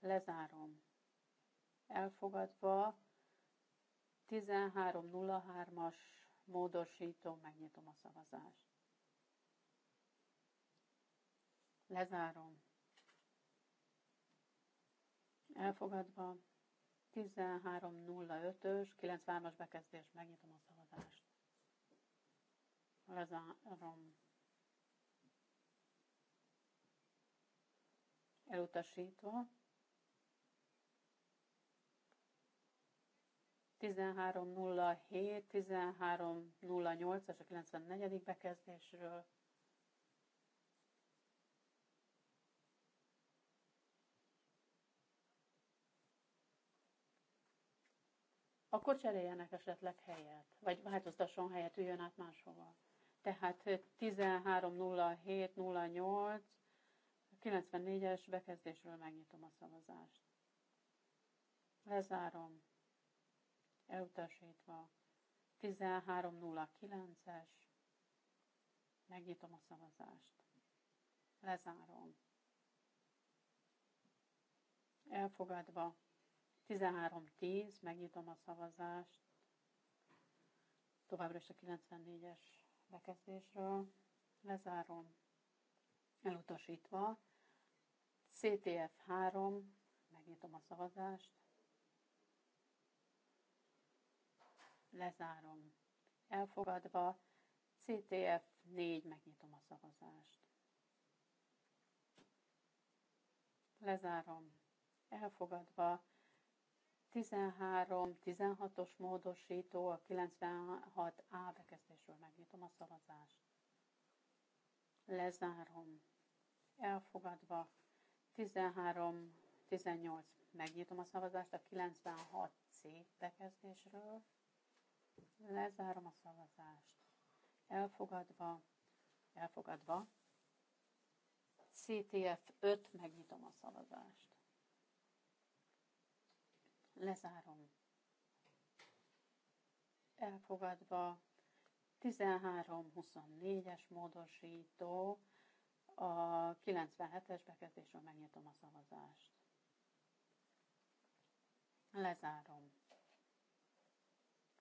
Lezárom. Elfogadva 1303-as módosító, megnyitom a szavazást. Lezárom elfogadva. 13.05-ös, 93-as bekezdés, megnyitom a szavazást. Lezárom. Elutasítva. 13.07, 13.08-as a 94. bekezdésről akkor cseréljenek esetleg helyet, vagy változtasson helyet, üljön át máshova. Tehát 13.07.08 eh, 94-es bekezdésről megnyitom a szavazást. Lezárom. Elutasítva. 13.09-es. Megnyitom a szavazást. Lezárom. Elfogadva. 13.10, megnyitom a szavazást. Továbbra is a 94-es bekezdésről. Lezárom. Elutasítva. CTF 3, megnyitom a szavazást. Lezárom. Elfogadva. CTF 4, megnyitom a szavazást. Lezárom. Elfogadva. 13-16-os módosító a 96A bekezdésről megnyitom a szavazást. Lezárom. Elfogadva 13-18 megnyitom a szavazást a 96C bekezdésről. Lezárom a szavazást. Elfogadva, elfogadva. CTF 5, megnyitom a szavazást. Lezárom. Elfogadva 13-24-es módosító a 97-es bekezdésről megnyitom a szavazást. Lezárom.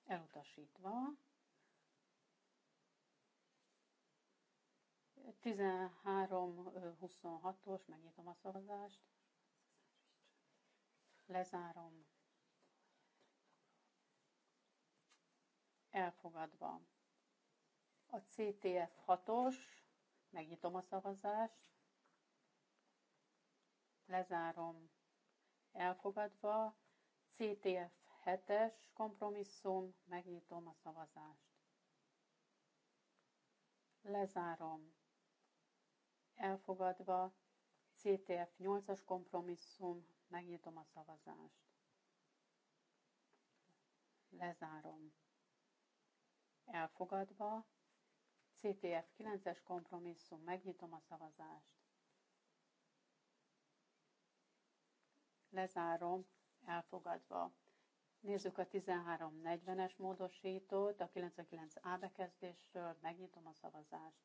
Elutasítva. 13-26-os, megnyitom a szavazást. Lezárom. elfogadva. A CTF 6-os, megnyitom a szavazást, lezárom, elfogadva. CTF 7-es kompromisszum, megnyitom a szavazást. Lezárom, elfogadva. CTF 8-as kompromisszum, megnyitom a szavazást. Lezárom elfogadva, CTF 9-es kompromisszum, megnyitom a szavazást. Lezárom, elfogadva. Nézzük a 1340-es módosítót, a 99A bekezdésről, megnyitom a szavazást.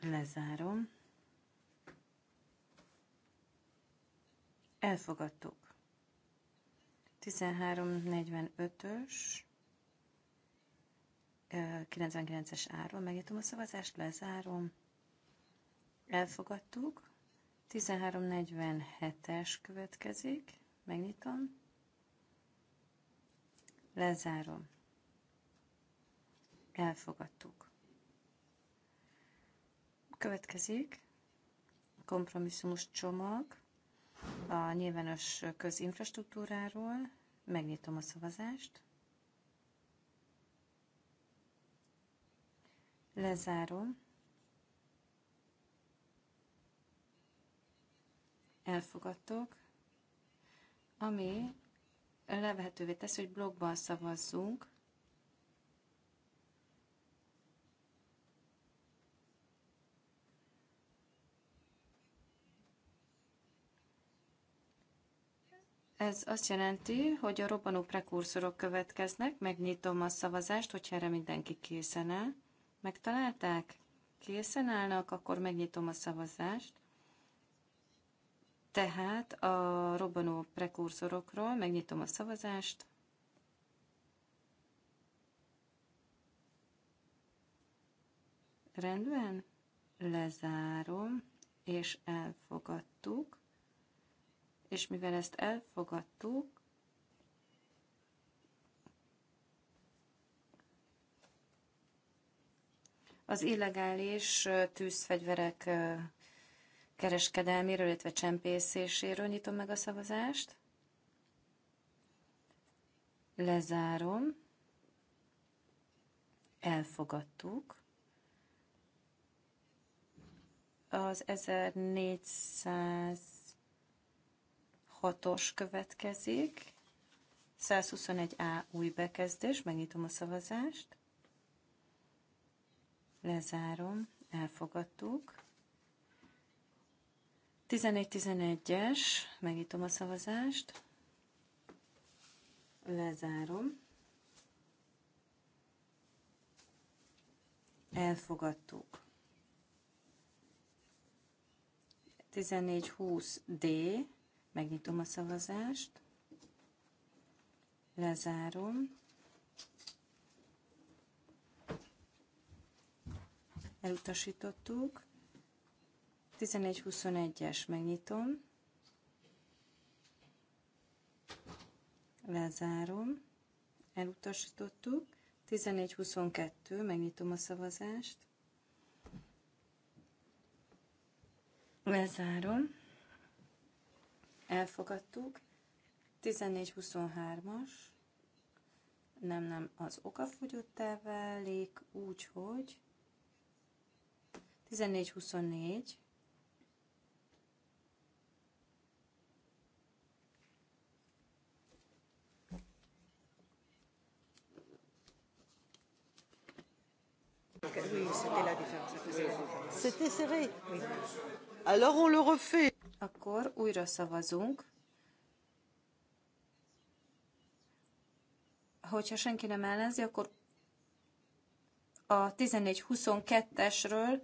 Lezárom. Elfogadtuk. 1345-ös 99-es áról megnyitom a szavazást, lezárom. Elfogadtuk. 1347-es következik. Megnyitom. Lezárom. Elfogadtuk. Következik a kompromisszumos csomag a nyilvános közinfrastruktúráról. Megnyitom a szavazást. Lezárom. Elfogadtok. Ami levehetővé tesz, hogy blogban szavazzunk. Ez azt jelenti, hogy a robbanó prekurszorok következnek, megnyitom a szavazást, hogyha erre mindenki készen áll. Megtalálták? Készen állnak? Akkor megnyitom a szavazást. Tehát a robbanó prekurzorokról megnyitom a szavazást. Rendben, lezárom, és elfogadtuk. És mivel ezt elfogadtuk, az illegális tűzfegyverek kereskedelméről, illetve csempészéséről nyitom meg a szavazást. Lezárom. Elfogadtuk. Az 1406-os következik. 121A új bekezdés, megnyitom a szavazást. Lezárom, elfogadtuk. 11-11-es, megnyitom a szavazást. Lezárom. Elfogadtuk. 14-20D, megnyitom a szavazást. Lezárom. elutasítottuk. 11 21 es megnyitom, lezárom, elutasítottuk. 14-22, megnyitom a szavazást, lezárom, elfogadtuk. 14-23-as, nem, nem, az okafogyottá válik, úgyhogy 14-24. C'était serré. Alors on le refait. Akkor újra szavazunk. Hogyha senki nem ellenzi, akkor a 14-22-esről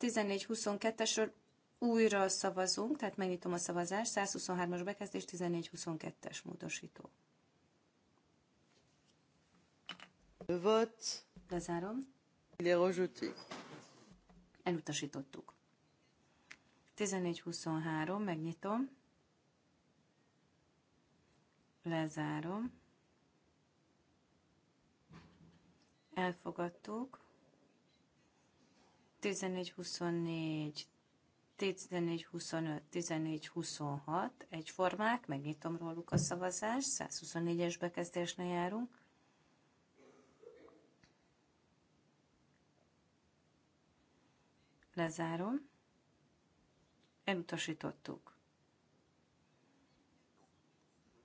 14-22-esről újra szavazunk, tehát megnyitom a szavazást, 123-as bekezdés, 14-22-es módosító. vote. Lezárom. Il est rejeté. Elutasítottuk. 14-23, megnyitom. Lezárom. Elfogadtuk. 14-24, 14-25, 14-26 egyformák, megnyitom róluk a szavazást, 124-es bekezdésnél járunk. Lezárom. Elutasítottuk.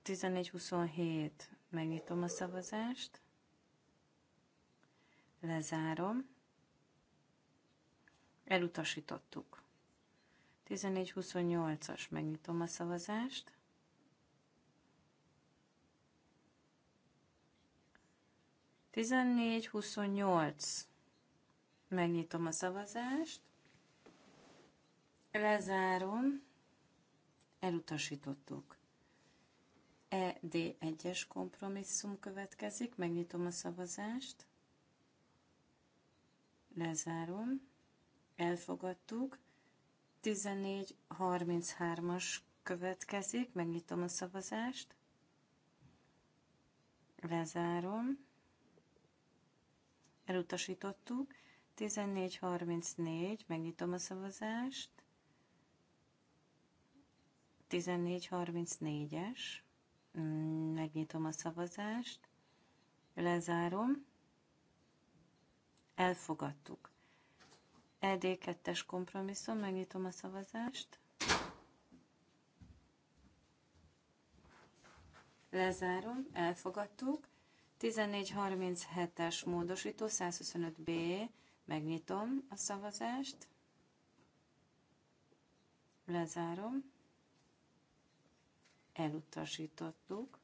14-27, megnyitom a szavazást. Lezárom 14-28, Elutasítottuk. 14-28-as, megnyitom a szavazást. Tizennégy, huszonnyolc. Megnyitom a szavazást. Lezárom. Elutasítottuk. ED1-es kompromisszum következik. Megnyitom a szavazást. Lezárom elfogadtuk. 14.33-as következik, megnyitom a szavazást, lezárom, elutasítottuk. 14.34, megnyitom a szavazást, 14.34-es, megnyitom a szavazást, lezárom, elfogadtuk. ED2-es kompromisszum, megnyitom a szavazást. Lezárom, elfogadtuk. 1437-es módosító, 125B, megnyitom a szavazást. Lezárom. Elutasítottuk.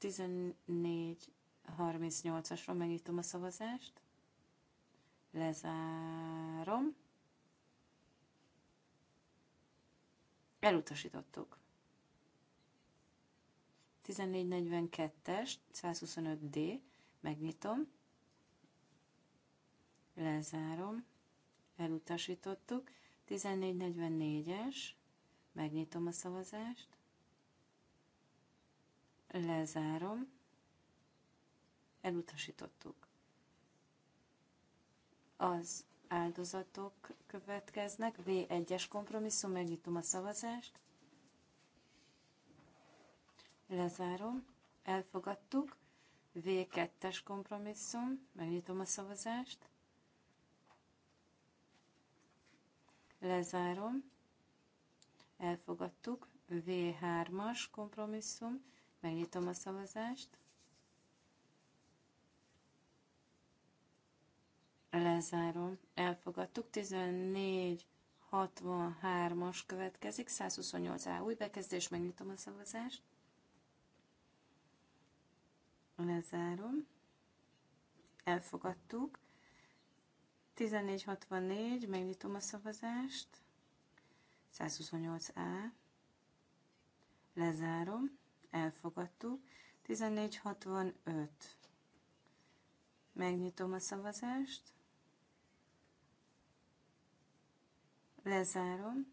1438-asról megnyitom a szavazást. Lezárom. Elutasítottuk. 1442-es, 125D, megnyitom, lezárom, elutasítottuk. 1444-es, megnyitom a szavazást, lezárom, elutasítottuk az áldozatok következnek. V1-es kompromisszum, megnyitom a szavazást. Lezárom. Elfogadtuk. V2-es kompromisszum, megnyitom a szavazást. Lezárom. Elfogadtuk. V3-as kompromisszum, megnyitom a szavazást. lezárom, elfogadtuk. 1463-as következik, 128A új bekezdés, megnyitom a szavazást. Lezárom, elfogadtuk. 1464, megnyitom a szavazást. 128A, lezárom, elfogadtuk. 1465, megnyitom a szavazást. lezárom.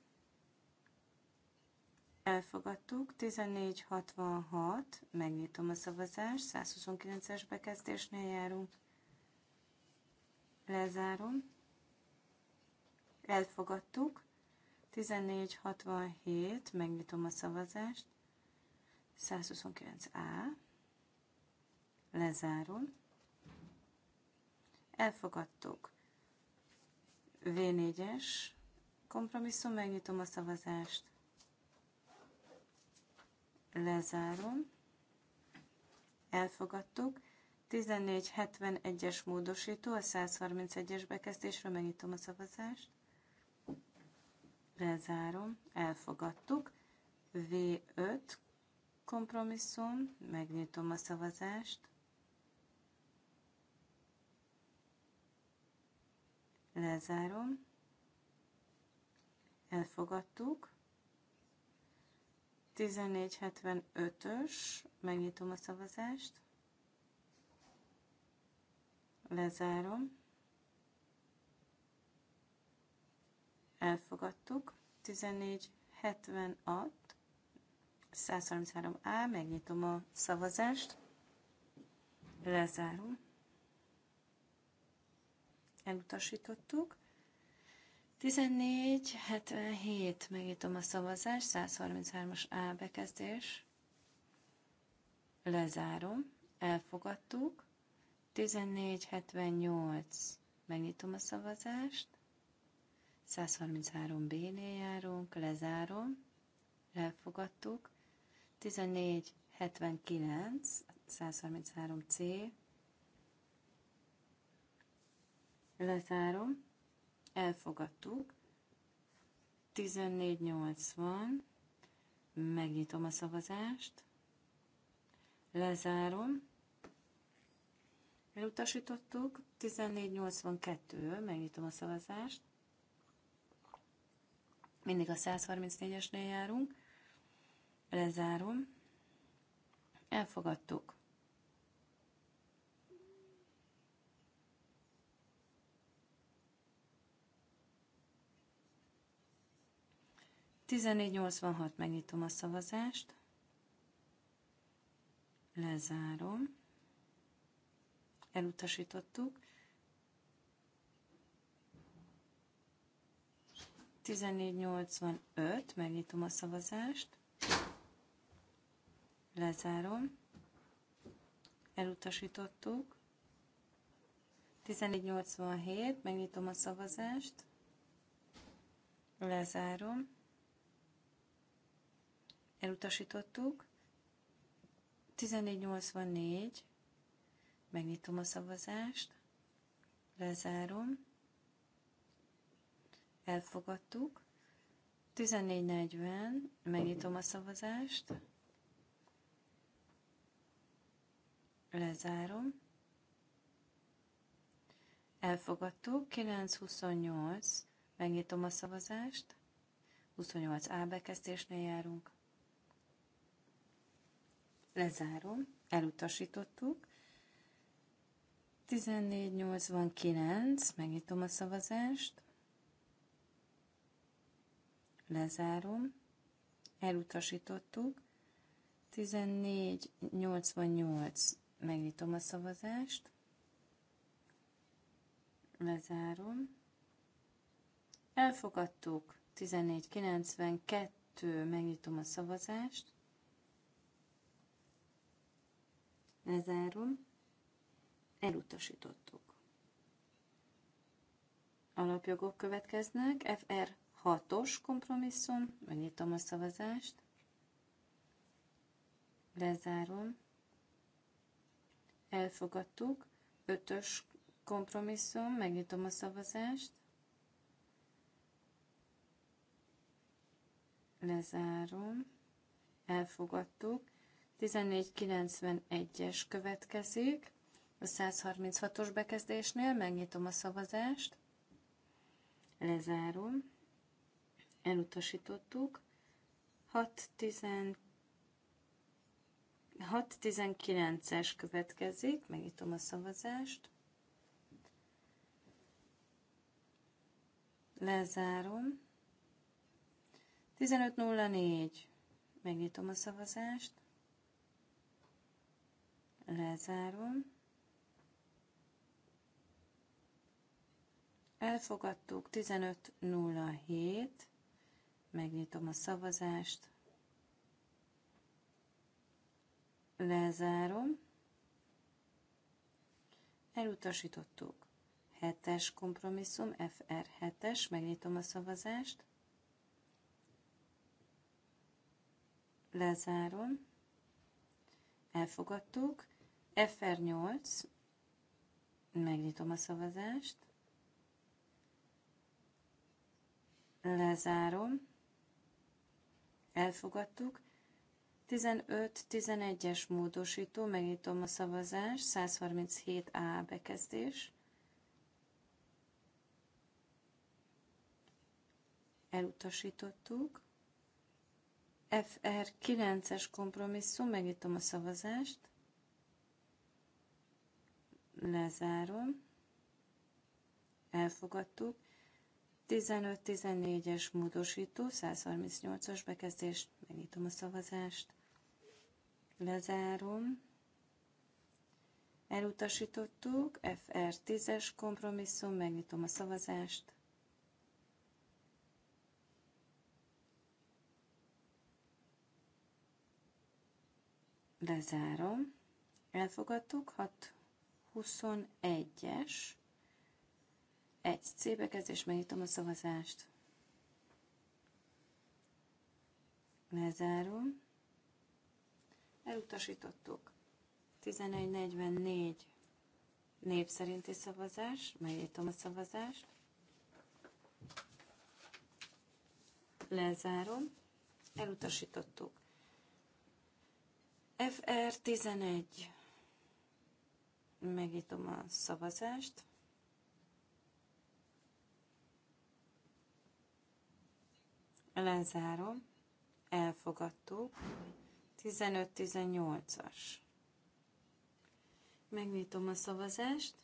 Elfogadtuk. 1466, megnyitom a szavazást, 129-es bekezdésnél járunk. Lezárom. Elfogadtuk. 1467, megnyitom a szavazást. 129A. Lezárom. Elfogadtuk. V4-es, kompromisszum, megnyitom a szavazást. Lezárom. Elfogadtuk. 1471-es módosító, a 131-es bekezdésre megnyitom a szavazást. Lezárom. Elfogadtuk. V5 kompromisszum, megnyitom a szavazást. Lezárom elfogadtuk. 1475-ös, megnyitom a szavazást, lezárom, elfogadtuk. 1476, 133A, megnyitom a szavazást, lezárom, elutasítottuk. 1477, megítom a szavazást, 133-as A bekezdés. Lezárom, elfogadtuk. 1478, megnyitom a szavazást. 133 B-nél járunk, lezárom, elfogadtuk. 1479, 133 C, lezárom, Elfogadtuk. 1480. Megnyitom a szavazást. Lezárom. Elutasítottuk. 1482. Megnyitom a szavazást. Mindig a 134-esnél járunk. Lezárom. Elfogadtuk. 1486, megnyitom a szavazást. Lezárom. Elutasítottuk. 1485, megnyitom a szavazást. Lezárom. Elutasítottuk. 1487, megnyitom a szavazást. Lezárom. Elutasítottuk. 1484. Megnyitom a szavazást. Lezárom. Elfogadtuk. 1440. Megnyitom a szavazást. Lezárom. Elfogadtuk. 928. Megnyitom a szavazást. 28 A bekezdésnél járunk lezárom, elutasítottuk. 14.89, megnyitom a szavazást, lezárom, elutasítottuk. 14.88, megnyitom a szavazást, lezárom, elfogadtuk. 14.92, megnyitom a szavazást, Lezárom. Elutasítottuk. Alapjogok következnek. FR 6-os kompromisszum. Megnyitom a szavazást. Lezárom. Elfogadtuk. 5-ös kompromisszum. Megnyitom a szavazást. Lezárom. Elfogadtuk. 1491-es következik. A 136-os bekezdésnél megnyitom a szavazást, lezárom, elutasítottuk. 619-es következik, megnyitom a szavazást, lezárom. 1504, megnyitom a szavazást, Lezárom. Elfogadtuk 15.07. Megnyitom a szavazást. Lezárom. Elutasítottuk. 7-es kompromisszum, FR7-es, megnyitom a szavazást. Lezárom. Elfogadtuk. FR8, megnyitom a szavazást, lezárom, elfogadtuk, 15-11-es módosító, megnyitom a szavazást, 137A bekezdés, elutasítottuk, FR9-es kompromisszum, megnyitom a szavazást, Lezárom. Elfogadtuk. 15-14-es módosító, 138-as bekezdés, megnyitom a szavazást, lezárom, elutasítottuk, FR 10-es kompromisszum, megnyitom a szavazást, lezárom, elfogadtuk, 6 21-es, egy c kezdés, megnyitom a szavazást. Lezárom. Elutasítottuk. 1144 név szerinti szavazás, megnyitom a szavazást. Lezárom. Elutasítottuk. FR 11 Megítom a szavazást. Lezárom. Elfogadtuk. 15-18-as. Megnyitom a szavazást.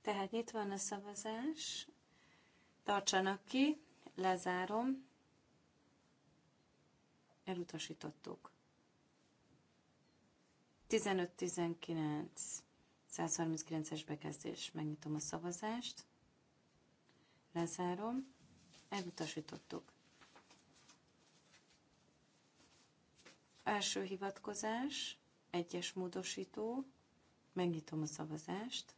Tehát nyitva van a szavazás, tartsanak ki, lezárom, elutasítottuk. 15-19, 139-es bekezdés. Megnyitom a szavazást, lezárom, elutasítottuk. Első hivatkozás, egyes módosító, megnyitom a szavazást,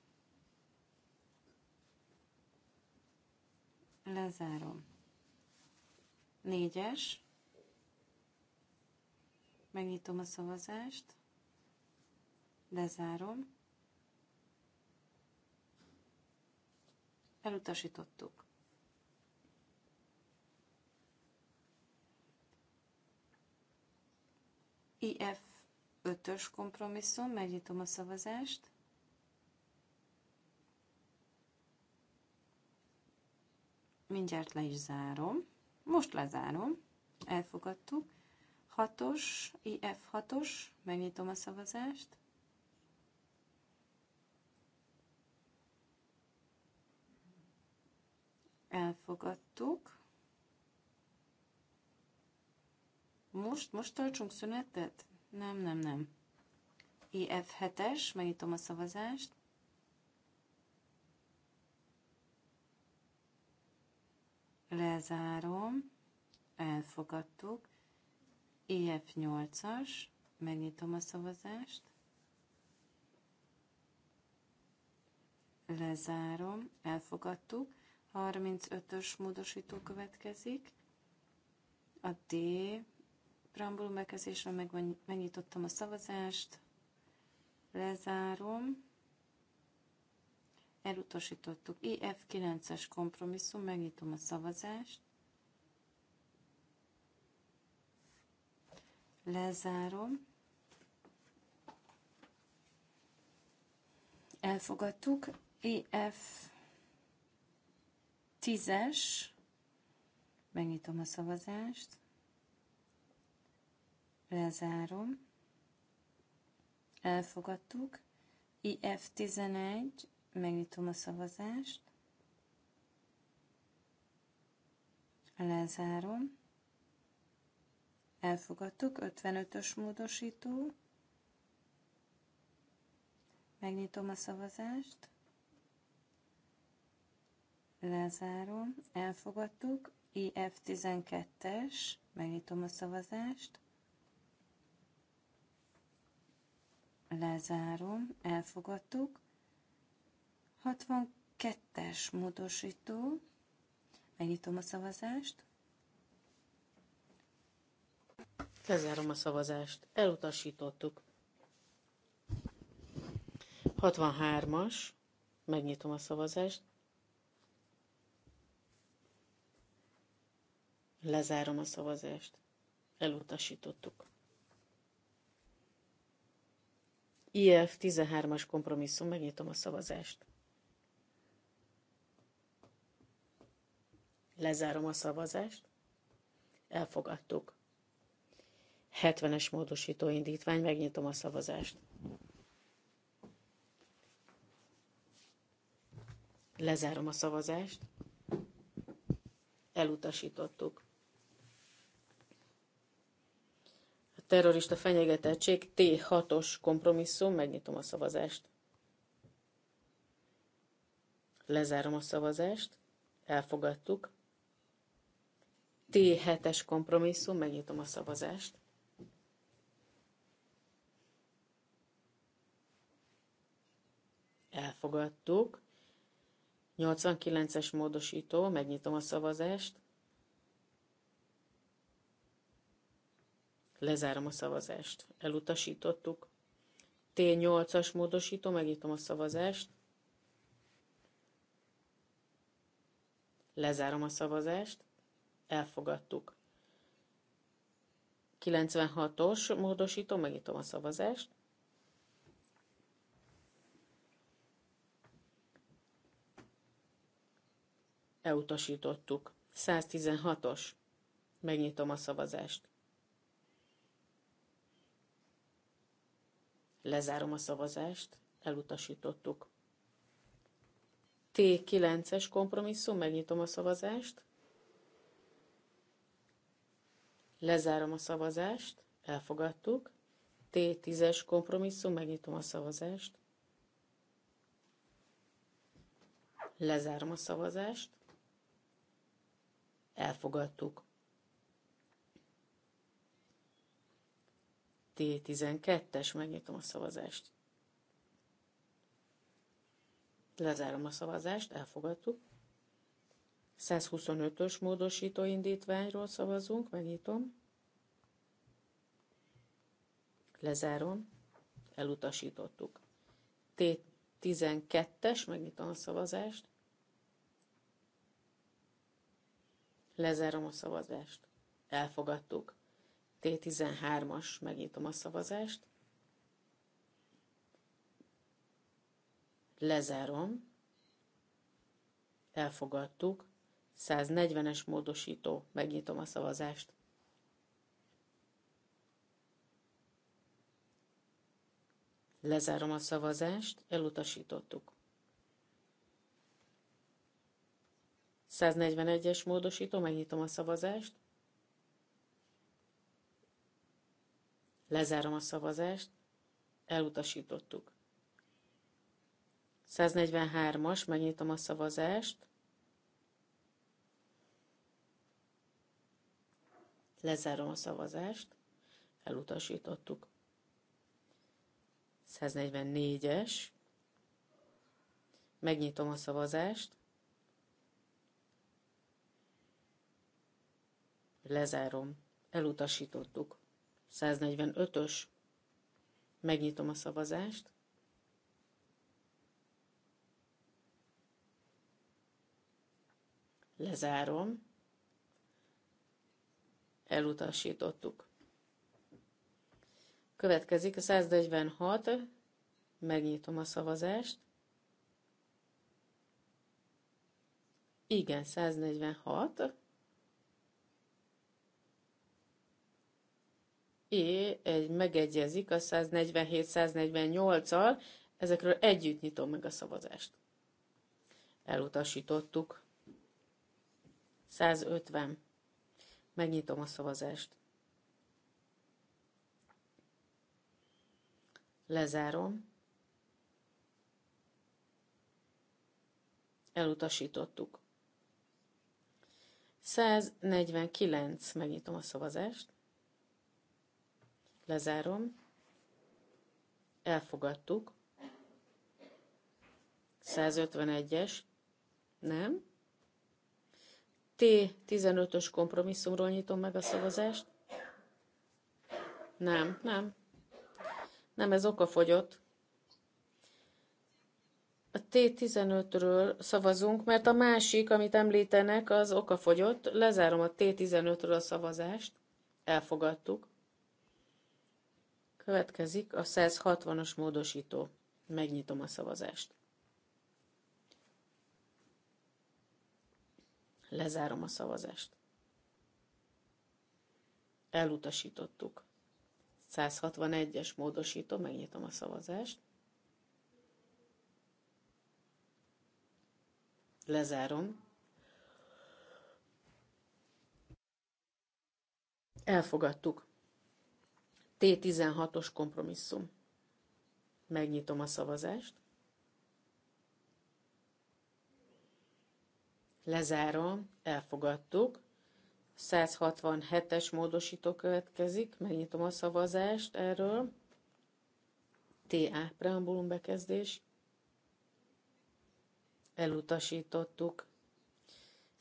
lezárom. Négyes, Megnyitom a szavazást. Lezárom. Elutasítottuk. IF 5-ös kompromisszum, megnyitom a szavazást. Mindjárt le is zárom. Most lezárom. Elfogadtuk f 6-os, IF6-os, megnyitom a szavazást. Elfogadtuk. Most, most tartsunk szünetet? Nem, nem, nem. IF7-es, megnyitom a szavazást. Lezárom. Elfogadtuk. EF8-as, megnyitom a szavazást, lezárom, elfogadtuk, 35-ös módosító következik, a D preambulum bekezdésről meg, megnyitottam a szavazást, lezárom, elutasítottuk, e IF9-es kompromisszum, megnyitom a szavazást, Lezárom. Elfogadtuk. EF 10-es. Megnyitom a szavazást. Lezárom. Elfogadtuk. IF 11. Megnyitom a szavazást. Lezárom. Elfogadtuk. 55-ös módosító. Megnyitom a szavazást. Lezárom. Elfogadtuk. IF12-es. Megnyitom a szavazást. Lezárom. Elfogadtuk. 62-es módosító. Megnyitom a szavazást. Lezárom a szavazást. Elutasítottuk. 63-as. Megnyitom a szavazást. Lezárom a szavazást. Elutasítottuk. IF 13-as kompromisszum. Megnyitom a szavazást. Lezárom a szavazást. Elfogadtuk. 70-es módosító indítvány, megnyitom a szavazást. Lezárom a szavazást. Elutasítottuk. A terrorista fenyegetettség T6-os kompromisszum, megnyitom a szavazást. Lezárom a szavazást. Elfogadtuk. T7-es kompromisszum, megnyitom a szavazást. Elfogadtuk. 89-es módosító, megnyitom a szavazást. Lezárom a szavazást. Elutasítottuk. T8-as módosító, megnyitom a szavazást. Lezárom a szavazást. Elfogadtuk. 96-os módosító, megnyitom a szavazást. Elutasítottuk. 116-os. Megnyitom a szavazást. Lezárom a szavazást. Elutasítottuk. T9-es kompromisszum, megnyitom a szavazást. Lezárom a szavazást, elfogadtuk. T10-es kompromisszum, megnyitom a szavazást. Lezárom a szavazást, Elfogadtuk. T12-es, megnyitom a szavazást. Lezárom a szavazást, elfogadtuk. 125-ös módosító indítványról szavazunk, megnyitom. Lezárom, elutasítottuk. T12-es, megnyitom a szavazást. Lezárom a szavazást. Elfogadtuk. T13-as, megnyitom a szavazást. Lezárom. Elfogadtuk. 140-es módosító, megnyitom a szavazást. Lezárom a szavazást, elutasítottuk. 141-es módosító, megnyitom a szavazást. Lezárom a szavazást. Elutasítottuk. 143-as, megnyitom a szavazást. Lezárom a szavazást. Elutasítottuk. 144-es. Megnyitom a szavazást. Lezárom. Elutasítottuk. 145-ös. Megnyitom a szavazást. Lezárom. Elutasítottuk. Következik a 146. Megnyitom a szavazást. Igen, 146. E egy megegyezik a 147-148-al, ezekről együtt nyitom meg a szavazást. Elutasítottuk. 150. Megnyitom a szavazást. Lezárom. Elutasítottuk. 149. Megnyitom a szavazást. Lezárom. Elfogadtuk. 151-es. Nem. T15-ös kompromisszumról nyitom meg a szavazást. Nem, nem. Nem, ez okafogyott. A T15-ről szavazunk, mert a másik, amit említenek, az okafogyott. Lezárom a T15-ről a szavazást. Elfogadtuk. Következik a 160-as módosító. Megnyitom a szavazást. Lezárom a szavazást. Elutasítottuk. 161-es módosító, megnyitom a szavazást. Lezárom. Elfogadtuk. T16-os kompromisszum. Megnyitom a szavazást. Lezárom, elfogadtuk. 167-es módosító következik, megnyitom a szavazást erről. TA preambulum bekezdés. Elutasítottuk.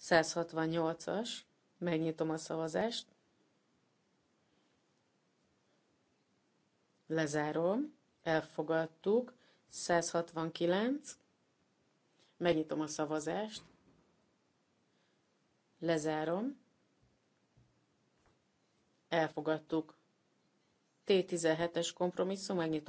168-as, megnyitom a szavazást. Lezárom, elfogadtuk, 169, megnyitom a szavazást, lezárom, elfogadtuk. T17-es kompromisszum, megnyitom